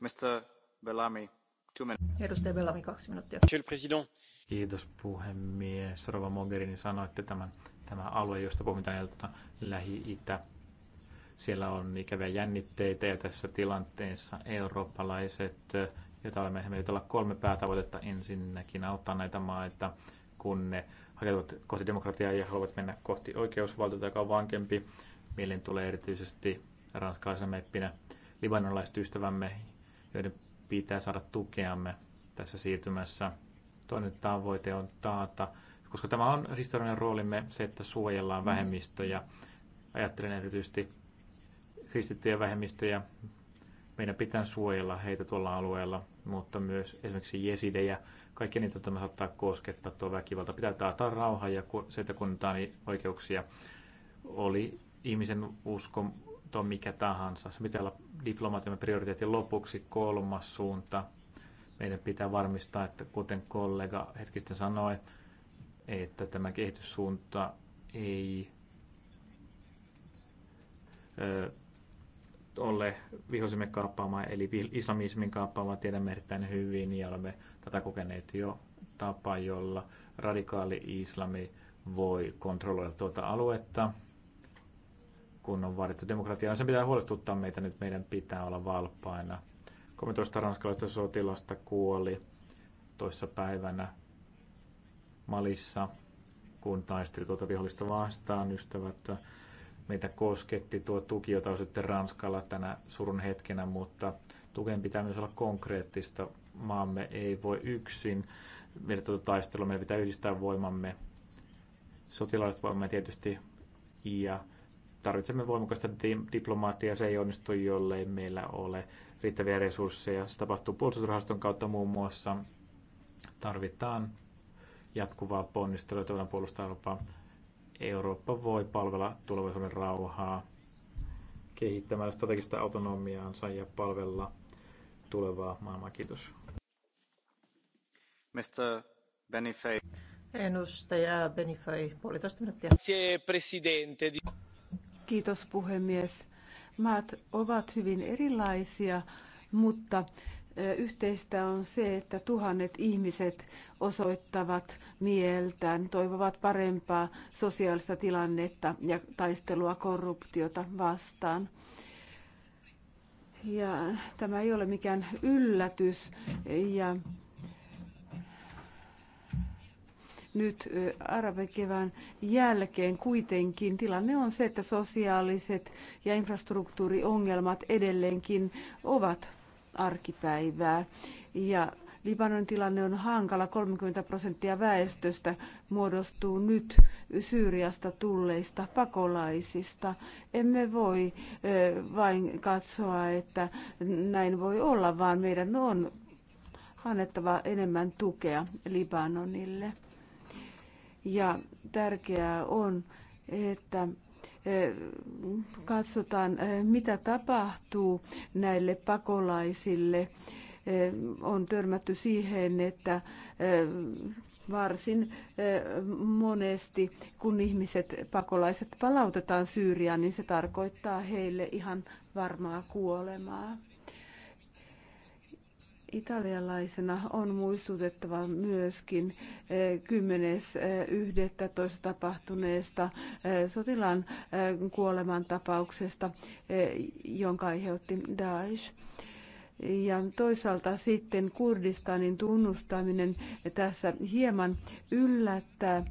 C: Mr. Bellamy,
B: Edustaja Bellamy, kaksi
C: minuuttia. Monsieur le Président. Kiitos puhemies. Rova Mogherini sanoitte tämän, tämä alue, josta puhutaan Lähi-Itä siellä on ikäviä jännitteitä ja tässä tilanteessa eurooppalaiset, joita olemme olla kolme päätavoitetta ensinnäkin auttaa näitä maita, kun ne hakeutuvat kohti demokratiaa ja haluavat mennä kohti oikeusvaltiota, joka on vankempi. Mieleen tulee erityisesti ranskalaisen meppinä libanonlaiset ystävämme, joiden pitää saada tukeamme tässä siirtymässä. Toinen tavoite on taata, koska tämä on historiallinen roolimme, se, että suojellaan mm. vähemmistöjä. Ajattelen erityisesti kristittyjä vähemmistöjä. Meidän pitää suojella heitä tuolla alueella, mutta myös esimerkiksi jesidejä. Kaikki niitä tämä saattaa koskettaa tuo väkivalta. Pitää taata rauha ja se, että kunnitaan oikeuksia. Oli ihmisen uskonto mikä tahansa. Se pitää olla diplomaatiamme prioriteetin lopuksi kolmas suunta. Meidän pitää varmistaa, että kuten kollega hetkistä sanoi, että tämä kehityssuunta ei ole vihollisemme kaappaamaan, eli islamismin kaappaamaan tiedämme erittäin hyvin ja olemme tätä kokeneet jo tapa, jolla radikaali islami voi kontrolloida tuota aluetta, kun on vaadittu demokratiaa. Niin sen pitää huolestuttaa meitä nyt, meidän pitää olla valppaina. 13 ranskalaista sotilasta kuoli toissa päivänä Malissa, kun taisteli tuota vihollista vastaan, ystävät meitä kosketti tuo tuki, jota sitten Ranskalla tänä surun hetkenä, mutta tukeen pitää myös olla konkreettista. Maamme ei voi yksin viedä tuota taistelua, meidän pitää yhdistää voimamme, sotilaalliset voimamme tietysti, ja tarvitsemme voimakasta diplomaattia, se ei onnistu, jollei meillä ole riittäviä resursseja. Se tapahtuu puolustusrahaston kautta muun muassa. Tarvitaan jatkuvaa ponnistelua, tuolla puolustaa Eurooppaa Eurooppa voi palvella tulevaisuuden rauhaa kehittämällä strategista autonomiaansa ja palvella tulevaa maailmaa. Kiitos. Mr. Benifei.
B: Ennustaja Benifei, puolitoista minuuttia.
A: Kiitos puhemies. Maat ovat hyvin erilaisia, mutta Yhteistä on se, että tuhannet ihmiset osoittavat mieltään, toivovat parempaa sosiaalista tilannetta ja taistelua korruptiota vastaan. Ja tämä ei ole mikään yllätys. Ja nyt arabikevään jälkeen kuitenkin tilanne on se, että sosiaaliset ja infrastruktuuriongelmat edelleenkin ovat arkipäivää. Ja Libanonin tilanne on hankala. 30 prosenttia väestöstä muodostuu nyt Syyriasta tulleista pakolaisista. Emme voi vain katsoa, että näin voi olla, vaan meidän on annettava enemmän tukea Libanonille. Ja tärkeää on, että katsotaan, mitä tapahtuu näille pakolaisille. On törmätty siihen, että varsin monesti, kun ihmiset, pakolaiset palautetaan Syyriaan, niin se tarkoittaa heille ihan varmaa kuolemaa. Italialaisena on muistutettava myöskin 10.11. Eh, eh, tapahtuneesta eh, sotilaan kuolemantapauksesta, jonka aiheutti Daesh. Ja toisaalta sitten Kurdistanin tunnustaminen tässä hieman yllättää.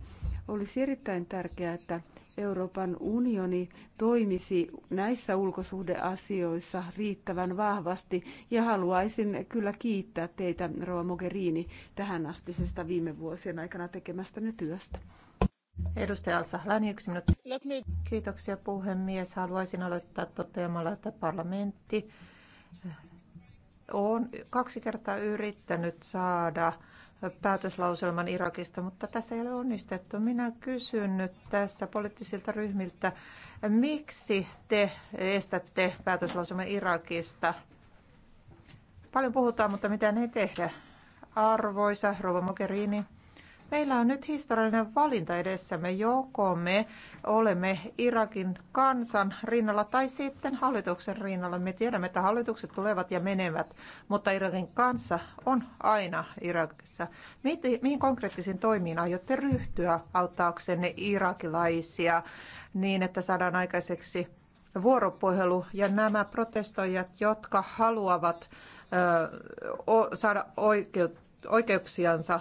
A: Olisi erittäin tärkeää, että Euroopan unioni toimisi näissä ulkosuhdeasioissa riittävän vahvasti ja haluaisin kyllä kiittää teitä, Roa Mogherini, tähän astisesta viime vuosien aikana tekemästänne työstä. Edustaja Alsa
B: sahlani yksi minuutti. Kiitoksia puhemies. Haluaisin aloittaa toteamalla, että parlamentti on kaksi kertaa yrittänyt saada päätöslauselman Irakista, mutta tässä ei ole onnistettu. Minä kysyn nyt tässä poliittisilta ryhmiltä, miksi te estätte päätöslauselman Irakista? Paljon puhutaan, mutta mitä ei tehdä. Arvoisa Rova Mogherini, Meillä on nyt historiallinen valinta edessämme. Joko me olemme Irakin kansan rinnalla tai sitten hallituksen rinnalla. Me tiedämme, että hallitukset tulevat ja menevät, mutta Irakin kanssa on aina Irakissa. Mihin konkreettisiin toimiin aiotte ryhtyä auttaaksenne irakilaisia niin, että saadaan aikaiseksi vuoropuhelu ja nämä protestoijat, jotka haluavat saada oikeuksiansa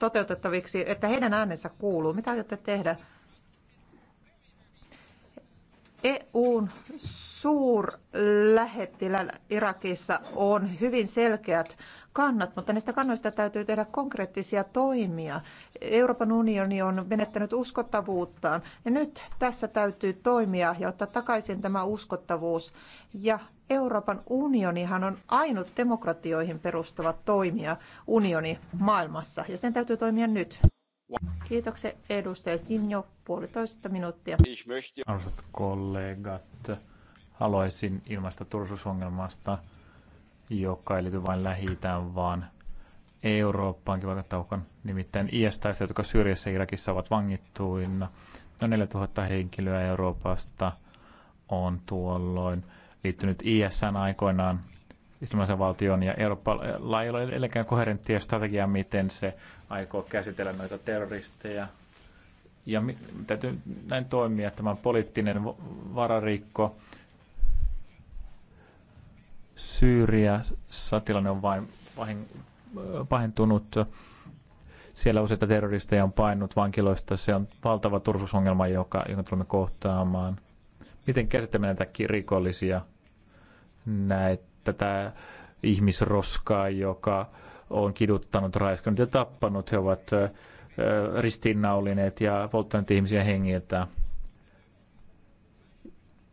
B: toteutettaviksi, että heidän äänensä kuuluu. Mitä aiotte tehdä? EUn suurlähettilä Irakissa on hyvin selkeät kannat, mutta niistä kannoista täytyy tehdä konkreettisia toimia. Euroopan unioni on menettänyt uskottavuuttaan ja nyt tässä täytyy toimia ja ottaa takaisin tämä uskottavuus ja Euroopan unionihan on ainut demokratioihin perustuva toimija unioni maailmassa ja sen täytyy toimia nyt. Kiitoksia edustaja Sinjo, puolitoista minuuttia.
C: Arvoisat kollegat, haluaisin ilmaista turvallisuusongelmasta, joka ei liity vain lähi vaan Eurooppaankin vaikka uhkan, nimittäin is jotka Syyriassa ja Irakissa ovat vangittuina. Noin 4000 henkilöä Euroopasta on tuolloin liittynyt ISN aikoinaan, islamilaisen valtion ja Euroopalla ei ole edelläkään koherenttia strategiaa, miten se aikoo käsitellä noita terroristeja. Ja täytyy näin toimia, että tämä poliittinen vararikko. Syyriassa tilanne on vain pahentunut. Siellä useita terroristeja on painut vankiloista. Se on valtava turvallisuusongelma, joka, jonka tulemme kohtaamaan. Miten käsittämme näitä rikollisia? näe tätä ihmisroskaa, joka on kiduttanut, raiskannut ja tappanut. He ovat ristiinnaulineet ja polttaneet ihmisiä hengiltä.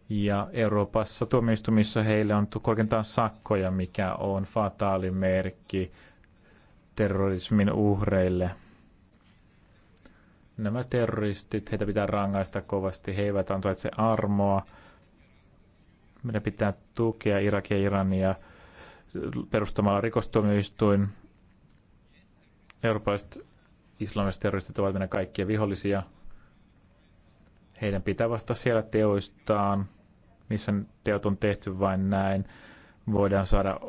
C: Ja Euroopassa tuomioistumissa heille on korkeintaan sakkoja, mikä on fataali merkki terrorismin uhreille. Nämä terroristit, heitä pitää rangaista kovasti, he eivät ansaitse armoa, meidän pitää tukea Irakia ja Irania perustamalla rikostuomioistuin. Eurooppalaiset islamiset terroristit ovat meidän kaikkia vihollisia. Heidän pitää vastata siellä teoistaan, missä teot on tehty vain näin. Voidaan saada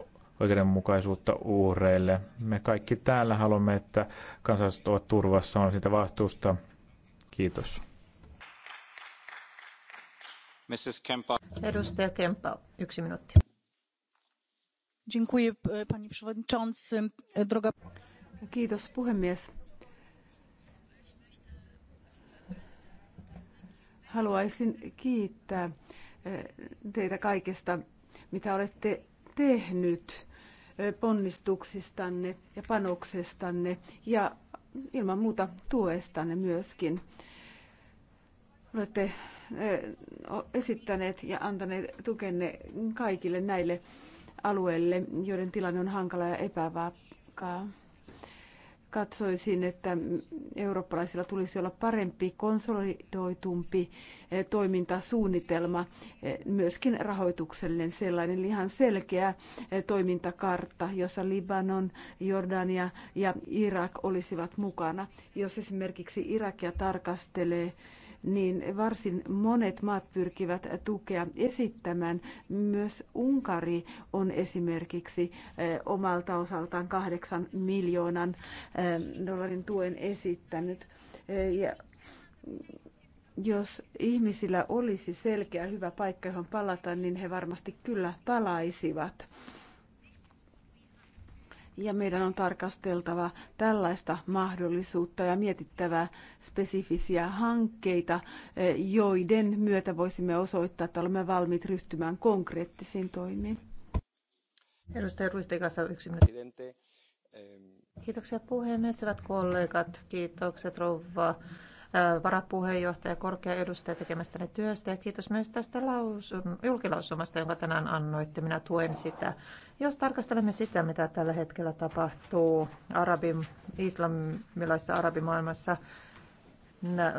C: oikeudenmukaisuutta uhreille. Me kaikki täällä haluamme, että kansalaiset ovat turvassa, on siitä vastuusta. Kiitos arvoisa
A: Kiitos puhemies. Haluaisin kiittää e, teitä kaikesta, mitä olette tehnyt e, ponnistuksistanne ja panoksestanne ja ilman muuta tuestanne myöskin. Olette esittäneet ja antaneet tukenne kaikille näille alueille, joiden tilanne on hankala ja epävakaa. Katsoisin, että eurooppalaisilla tulisi olla parempi, konsolidoitumpi toimintasuunnitelma, myöskin rahoituksellinen sellainen, ihan selkeä toimintakartta, jossa Libanon, Jordania ja Irak olisivat mukana. Jos esimerkiksi Irakia tarkastelee, niin varsin monet maat pyrkivät tukea esittämään. Myös Unkari on esimerkiksi eh, omalta osaltaan kahdeksan miljoonan eh, dollarin tuen esittänyt. Eh, ja jos ihmisillä olisi selkeä hyvä paikka, johon palata, niin he varmasti kyllä palaisivat. Ja meidän on tarkasteltava tällaista mahdollisuutta ja mietittävä spesifisiä hankkeita, eh, joiden myötä voisimme osoittaa, että olemme valmiit ryhtymään konkreettisiin toimiin.
B: Edustaja Ruistikassa yksi minuutti. Ehm, Kiitoksia puhemies, hyvät kollegat. Kiitokset rouva varapuheenjohtaja ja korkea edustaja tekemästäni työstä ja kiitos myös tästä lausun, julkilausumasta, jonka tänään annoitte. Minä tuen sitä. Jos tarkastelemme sitä, mitä tällä hetkellä tapahtuu arabi, islamilaisessa arabimaailmassa,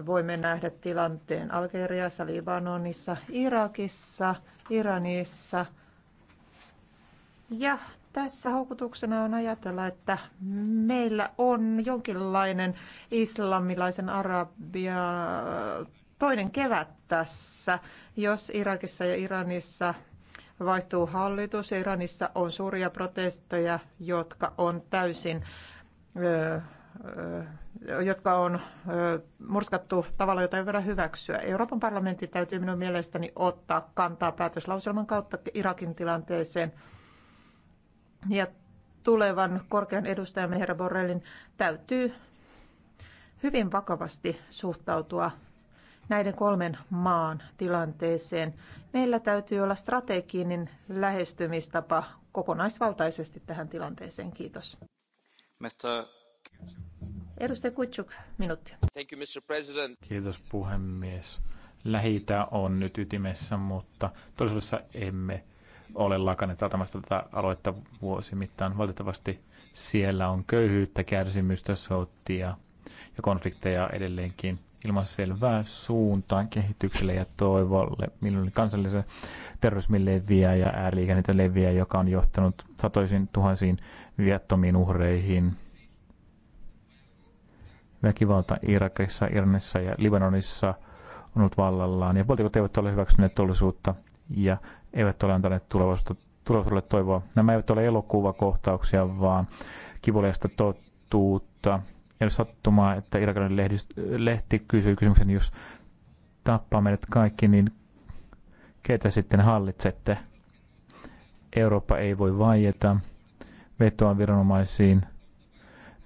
B: voimme nähdä tilanteen Algeriassa, Libanonissa, Irakissa, Iranissa ja tässä houkutuksena on ajatella, että meillä on jonkinlainen islamilaisen arabia toinen kevät tässä, jos Irakissa ja Iranissa vaihtuu hallitus. Iranissa on suuria protestoja, jotka on täysin jotka on murskattu tavalla, jota ei voida hyväksyä. Euroopan parlamentti täytyy minun mielestäni ottaa kantaa päätöslauselman kautta Irakin tilanteeseen. Ja tulevan korkean edustajamme herra Borrellin täytyy hyvin vakavasti suhtautua näiden kolmen maan tilanteeseen. Meillä täytyy olla strateginen lähestymistapa kokonaisvaltaisesti tähän tilanteeseen. Kiitos. Mr. Edustaja Kutsuk, minuutti.
C: Thank you, Mr. President. Kiitos puhemies. Lähitä on nyt ytimessä, mutta todellisuudessa emme ole lakaneet altamasta tätä vuosi, mittaan. Valitettavasti siellä on köyhyyttä, kärsimystä, sotia ja konflikteja edelleenkin ilman selvää suuntaa kehitykselle ja toivolle, milloin kansallisen terrorismin leviää ja ääriliikenneitä leviää, joka on johtanut satoisiin tuhansiin viattomiin uhreihin. Väkivalta Irakissa, Irnissa ja Libanonissa on ollut vallallaan, ja poliitikot eivät ole hyväksyneet tollisuutta ja eivät ole antaneet tulevaisuudelle toivoa. Nämä eivät ole elokuvakohtauksia, vaan kivuliasta totuutta. Ja sattumaa, että irakilainen lehti kysyy kysymyksen, jos tappaa meidät kaikki, niin ketä sitten hallitsette? Eurooppa ei voi vaieta, vetoa viranomaisiin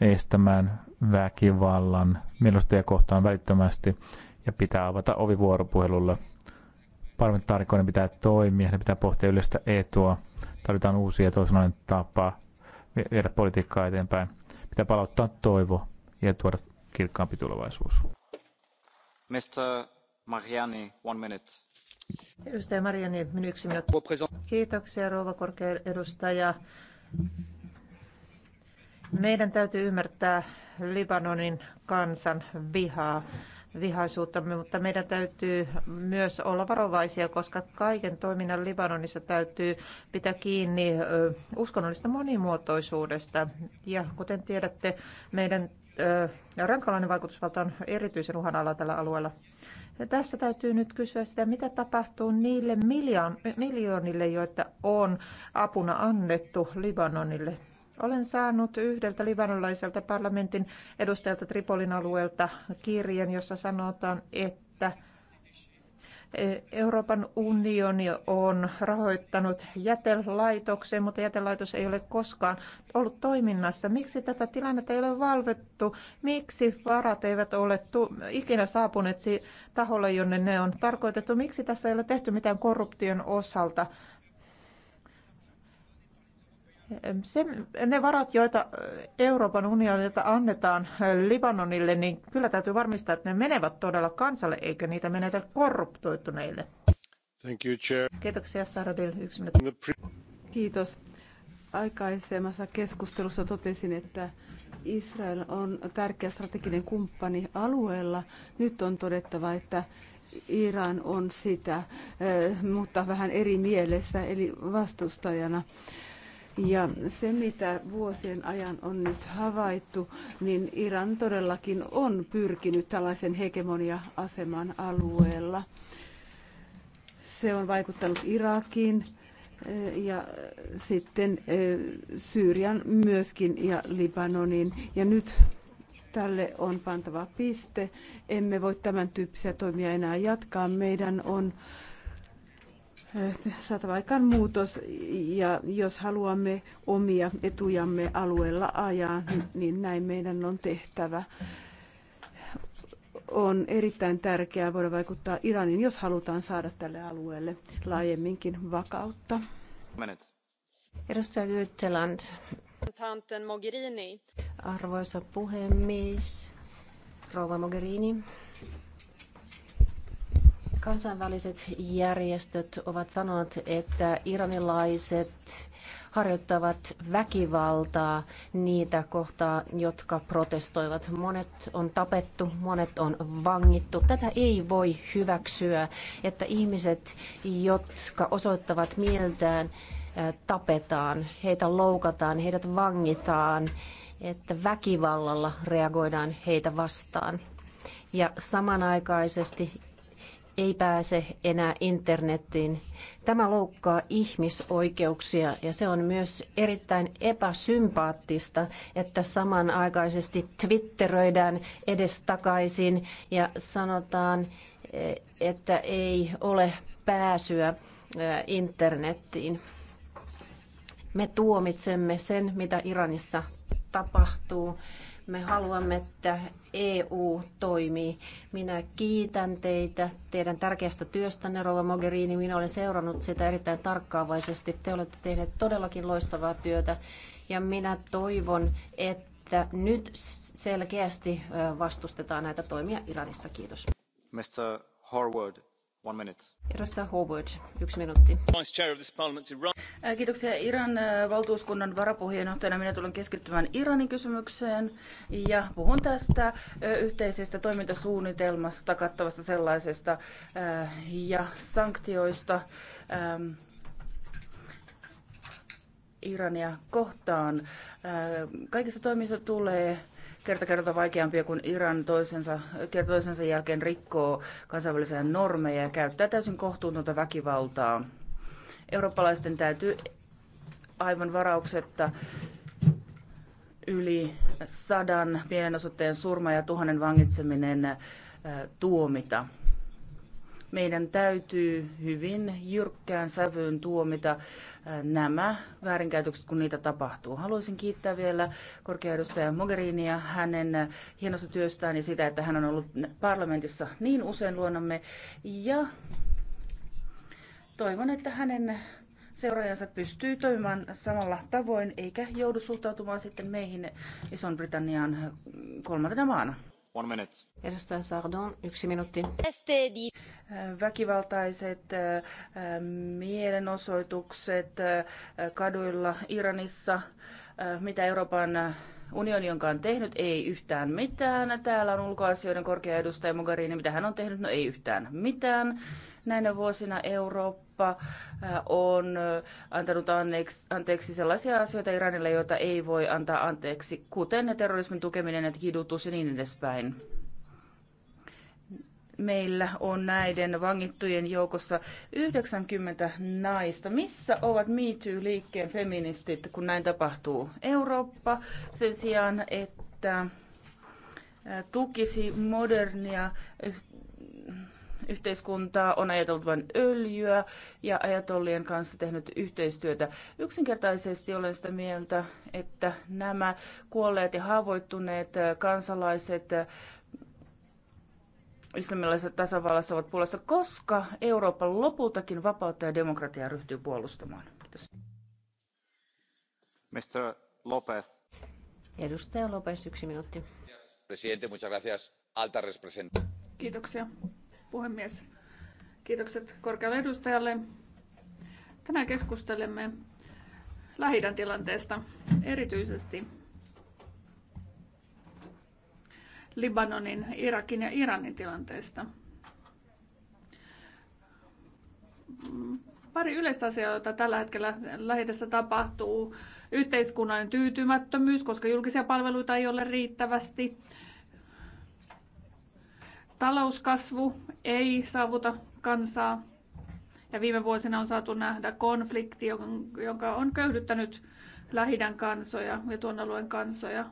C: estämään väkivallan mielestäjä kohtaan välittömästi ja pitää avata ovi vuoropuhelulle parlamentaarikoiden pitää toimia, ne pitää pohtia yleistä etua. Tarvitaan uusia toisenlainen tapa viedä politiikkaa eteenpäin. Pitää palauttaa toivo ja tuoda kirkkaampi tulevaisuus. Mr. Mariani, one minute.
B: Edustaja Mariani, yksi minuutti. Kiitoksia, rouva korkea edustaja. Meidän täytyy ymmärtää Libanonin kansan vihaa vihaisuuttamme, mutta meidän täytyy myös olla varovaisia, koska kaiken toiminnan Libanonissa täytyy pitää kiinni uskonnollista monimuotoisuudesta. Ja kuten tiedätte, meidän ja ranskalainen vaikutusvalta on erityisen uhan uhanala tällä alueella. Ja tässä täytyy nyt kysyä sitä, mitä tapahtuu niille miljoonille, joita on apuna annettu Libanonille. Olen saanut yhdeltä libanonlaiselta parlamentin edustajalta Tripolin alueelta kirjeen, jossa sanotaan, että e, Euroopan unioni on rahoittanut jätelaitoksen, mutta jätelaitos ei ole koskaan ollut toiminnassa. Miksi tätä tilannetta ei ole valvettu? Miksi varat eivät ole tu- ikinä saapuneet taholle, jonne ne on tarkoitettu? Miksi tässä ei ole tehty mitään korruption osalta? Se, ne varat, joita Euroopan unionilta annetaan Libanonille, niin kyllä täytyy varmistaa, että ne menevät todella kansalle, eikä niitä menetä korruptoituneille.
C: Thank you, chair.
B: Kiitoksia, Saradil. Yksi
D: minuutti.
A: Kiitos. Aikaisemmassa keskustelussa totesin, että Israel on tärkeä strateginen kumppani alueella. Nyt on todettava, että Iran on sitä, eh, mutta vähän eri mielessä, eli vastustajana. Ja se, mitä vuosien ajan on nyt havaittu, niin Iran todellakin on pyrkinyt tällaisen hegemonia-aseman alueella. Se on vaikuttanut Irakiin eh, ja sitten eh, Syyrian myöskin ja Libanonin. Ja nyt tälle on pantava piste. Emme voi tämän tyyppisiä toimia enää jatkaa. Meidän on äh, saatava aikaan muutos ja jos haluamme omia etujamme alueella ajaa, niin näin meidän on tehtävä. On erittäin tärkeää voida vaikuttaa Iranin, jos halutaan saada tälle alueelle laajemminkin vakautta.
D: Edustaja Gytteland. Arvoisa puhemies, rouva Mogherini. Kansainväliset järjestöt ovat sanoneet, että iranilaiset harjoittavat väkivaltaa niitä kohtaa, jotka protestoivat. Monet on tapettu, monet on vangittu. Tätä ei voi hyväksyä, että ihmiset, jotka osoittavat mieltään, tapetaan, heitä loukataan, heidät vangitaan, että väkivallalla reagoidaan heitä vastaan. Ja samanaikaisesti ei pääse enää internettiin. Tämä loukkaa ihmisoikeuksia ja se on myös erittäin epäsympaattista, että samanaikaisesti twitteröidään edestakaisin ja sanotaan, eh, että ei ole pääsyä eh, internettiin. Me tuomitsemme sen, mitä Iranissa tapahtuu. Me haluamme, että EU toimii. Minä kiitän teitä teidän tärkeästä työstänne, Rova Mogherini. Minä olen seurannut sitä erittäin tarkkaavaisesti. Te olette tehneet todellakin loistavaa työtä ja minä toivon, että nyt selkeästi vastustetaan näitä toimia Iranissa. Kiitos.
C: Mr. Horwood.
E: Kiitoksia Iran valtuuskunnan varapuheenjohtajana. Minä tulen keskittymään Iranin kysymykseen ja puhun tästä yhteisestä toimintasuunnitelmasta, kattavasta sellaisesta ja sanktioista Irania kohtaan. Kaikista toimista tulee kerta kerta vaikeampia, kun Iran toisensa, kerta toisensa jälkeen rikkoo kansainvälisiä normeja ja käyttää täysin kohtuutonta väkivaltaa. Eurooppalaisten täytyy aivan varauksetta yli sadan mielenosoittajan surma ja tuhannen vangitseminen äh, tuomita. Meidän täytyy hyvin jyrkkään sävyyn tuomita äh, nämä väärinkäytökset, kun niitä tapahtuu. Haluaisin kiittää vielä korkeaedustaja Mogherinia hänen hienosta työstään ja sitä, että hän on ollut parlamentissa niin usein luonamme. Ja toivon, että hänen seuraajansa pystyy toimimaan samalla tavoin eikä joudu suhtautumaan sitten meihin ison Britannian kolmantena maana. One minute. Edustaja Sardon, yksi minuutti. Väkivaltaiset äh, äh, mielenosoitukset äh, kaduilla Iranissa, mitä Euroopan unioni onkaan tehnyt, ei yhtään mitään. Täällä on ulkoasioiden korkea edustaja Mogherini, mitä hän on tehnyt, no ei yhtään mitään. Näinä vuosina Eurooppa äh, on äh, antanut anteeksi sellaisia asioita Iranille, joita ei voi antaa anteeksi, kuten terrorismin tukeminen, että kidutus ja niin edespäin meillä on näiden vangittujen joukossa 90 naista. Missä ovat metoo liikkeen feministit, kun näin tapahtuu? Eurooppa sen sijaan, että äh, tukisi modernia yhteiskuntaa, on ajatellut vain öljyä ja ajatollien kanssa tehnyt yhteistyötä. Yksinkertaisesti olen sitä mieltä, että nämä kuolleet ja haavoittuneet kansalaiset islamilaisessa tasavallassa ovat puolessa, koska Euroopan lopultakin vapautta ja demokratiaa ryhtyy puolustamaan.
C: Kiitos. Mr. Lopez.
D: Edustaja
F: Lopez, yksi minuutti.
C: Presidente, muchas gracias. Alta representante.
F: Kiitoksia puhemies. Kiitokset korkealle edustajalle. Tänään keskustelemme lähi tilanteesta, erityisesti Libanonin, Irakin ja Iranin tilanteesta. Pari yleistä asiaa, joita tällä hetkellä lähi tapahtuu. Yhteiskunnallinen tyytymättömyys, koska julkisia palveluita ei ole riittävästi Talouskasvu ei saavuta kansaa ja viime vuosina on saatu nähdä konflikti, joka on köyhdyttänyt lähidän kansoja ja tuon alueen kansoja.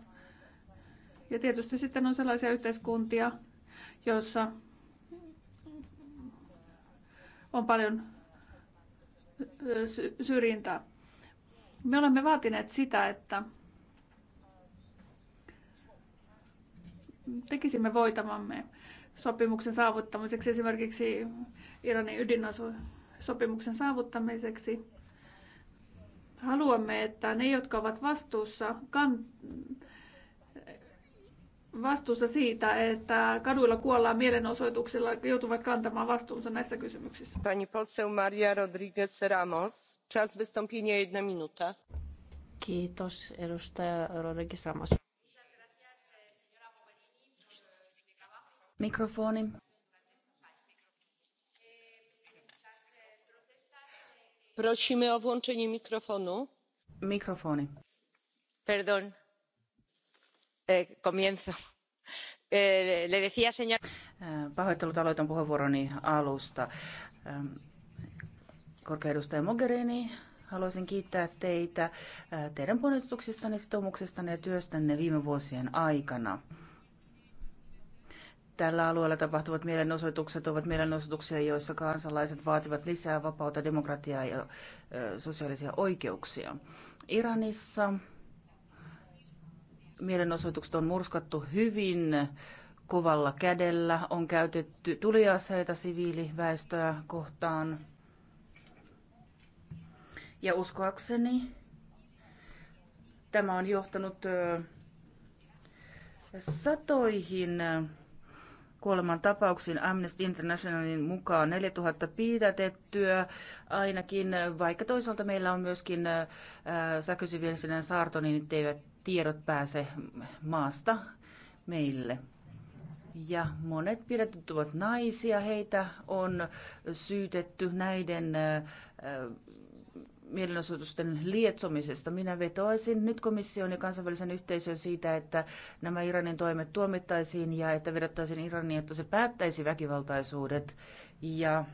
F: Ja tietysti sitten on sellaisia yhteiskuntia, joissa on paljon syrjintää. Me olemme vaatineet sitä, että tekisimme voitamamme sopimuksen saavuttamiseksi, esimerkiksi Iranin sopimuksen saavuttamiseksi. Haluamme, että ne, jotka ovat vastuussa, kan, vastuussa siitä, että kaduilla kuollaan mielenosoituksilla, joutuvat kantamaan vastuunsa näissä kysymyksissä. Pani poseu Maria Rodriguez Ramos. Czas wystąpienia jedna minuta.
D: Kiitos, edustaja Rodriguez Ramos
E: Mikrofoni. Prosimy o włączenie
B: mikrofonu.
E: Mikrofoni. Perdón. Eh, comienzo. Eh, le decía, señor... Eh, pahoittelut aloitan puheenvuoroni alusta. Korkea edustaja Mogherini, haluaisin kiittää teitä teidän ponnistuksistanne, sitoumuksistanne ja työstänne viime vuosien aikana. Tällä alueella tapahtuvat mielenosoitukset ovat mielenosoituksia, joissa kansalaiset vaativat lisää vapautta, demokratiaa ja sosiaalisia oikeuksia. Iranissa mielenosoitukset on murskattu hyvin kovalla kädellä. On käytetty tuliaseita siviiliväestöä kohtaan. Ja uskoakseni tämä on johtanut satoihin kuoleman tapauksiin Amnesty Internationalin mukaan 4000 pidätettyä ainakin, vaikka toisaalta meillä on myöskin äh, säkysyvielisinnän saarto, niin eivät tiedot pääse maasta meille. Ja monet pidätetyt ovat naisia, heitä on syytetty näiden äh, äh mielenosoitusten lietsomisesta. Minä vetoaisin nyt komission ja kansainvälisen yhteisön siitä, että nämä Iranin toimet tuomittaisiin ja että vedottaisiin Iraniin, että se päättäisi väkivaltaisuudet. Ja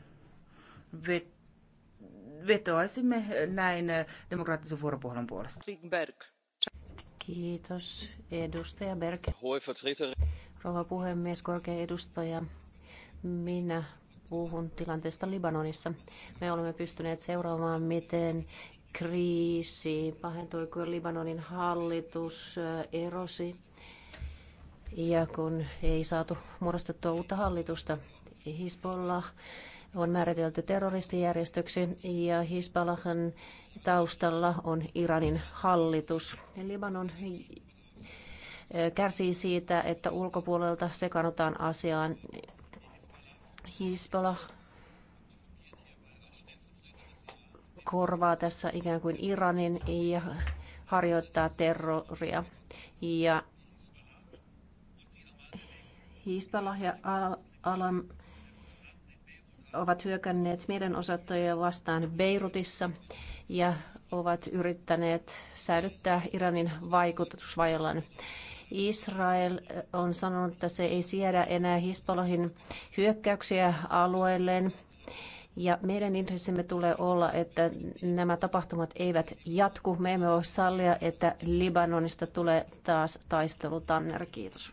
E: vetoaisimme näin
D: demokraattisen vuoropuhelun puolesta. Kiitos, edustaja Berg. Rouva puhemies, korkea edustaja. Minä puhun tilanteesta Libanonissa. Me olemme pystyneet seuraamaan, miten kriisi pahentui, kun Libanonin hallitus erosi ja kun ei saatu muodostettua uutta hallitusta. Hisbollah on määritelty terroristijärjestöksi ja Hisballahan taustalla on Iranin hallitus. Libanon kärsii siitä, että ulkopuolelta sekaannutaan asiaan Hisbollah korvaa tässä ikään kuin Iranin ja harjoittaa terroria. Ja Hisbollah ja Alam ovat hyökänneet mielenosoittajia vastaan Beirutissa ja ovat yrittäneet säilyttää Iranin vaikutusvallan. Israel on sanonut, että se ei siedä enää Hisbolahin hyökkäyksiä alueelleen. Ja meidän intressimme tulee olla, että nämä tapahtumat eivät jatku. Me emme voi sallia, että Libanonista tulee taas taistelutanner. Kiitos.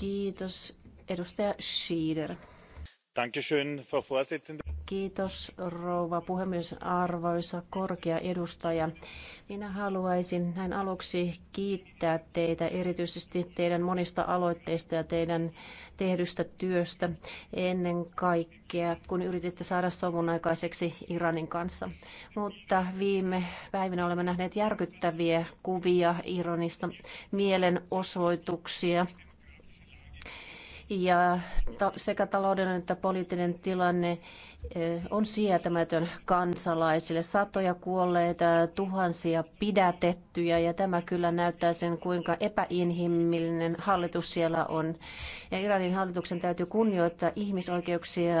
D: Kiitos. Edustaja Schieder.
C: Dankeschön, Frau Vorsitzende.
D: Kiitos rouva puhemies, arvoisa korkea edustaja. Minä haluaisin näin aluksi kiittää teitä erityisesti teidän monista aloitteista ja teidän tehdystä työstä ennen kaikkea, kun yrititte saada sovun aikaiseksi Iranin kanssa. Mutta viime päivinä olemme nähneet järkyttäviä kuvia Iranista, mielenosoituksia ja sekä taloudellinen että poliittinen tilanne Eh, on sietämätön kansalaisille. Satoja kuolleita, tuhansia pidätettyjä ja tämä kyllä näyttää sen, kuinka epäinhimillinen hallitus siellä on. Ja Iranin hallituksen täytyy kunnioittaa ihmisoikeuksia,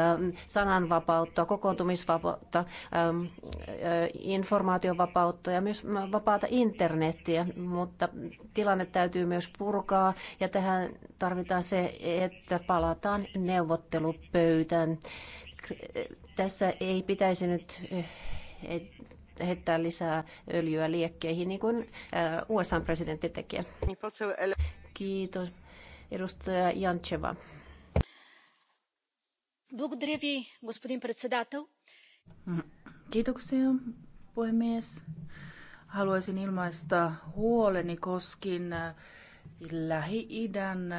D: sananvapautta, kokoontumisvapautta, ähm, äh, informaatiovapautta ja myös vapaata internettiä, mutta tilanne täytyy myös purkaa ja tähän tarvitaan se, että palataan neuvottelupöytään tässä ei pitäisi nyt eh, heittää lisää öljyä liekkeihin, niin kuin eh, USA-presidentti tekee. Kiitos. Edustaja Jantseva.
E: Kiitoksia, puhemies. Haluaisin ilmaista huoleni koskin eh, Lähi-idän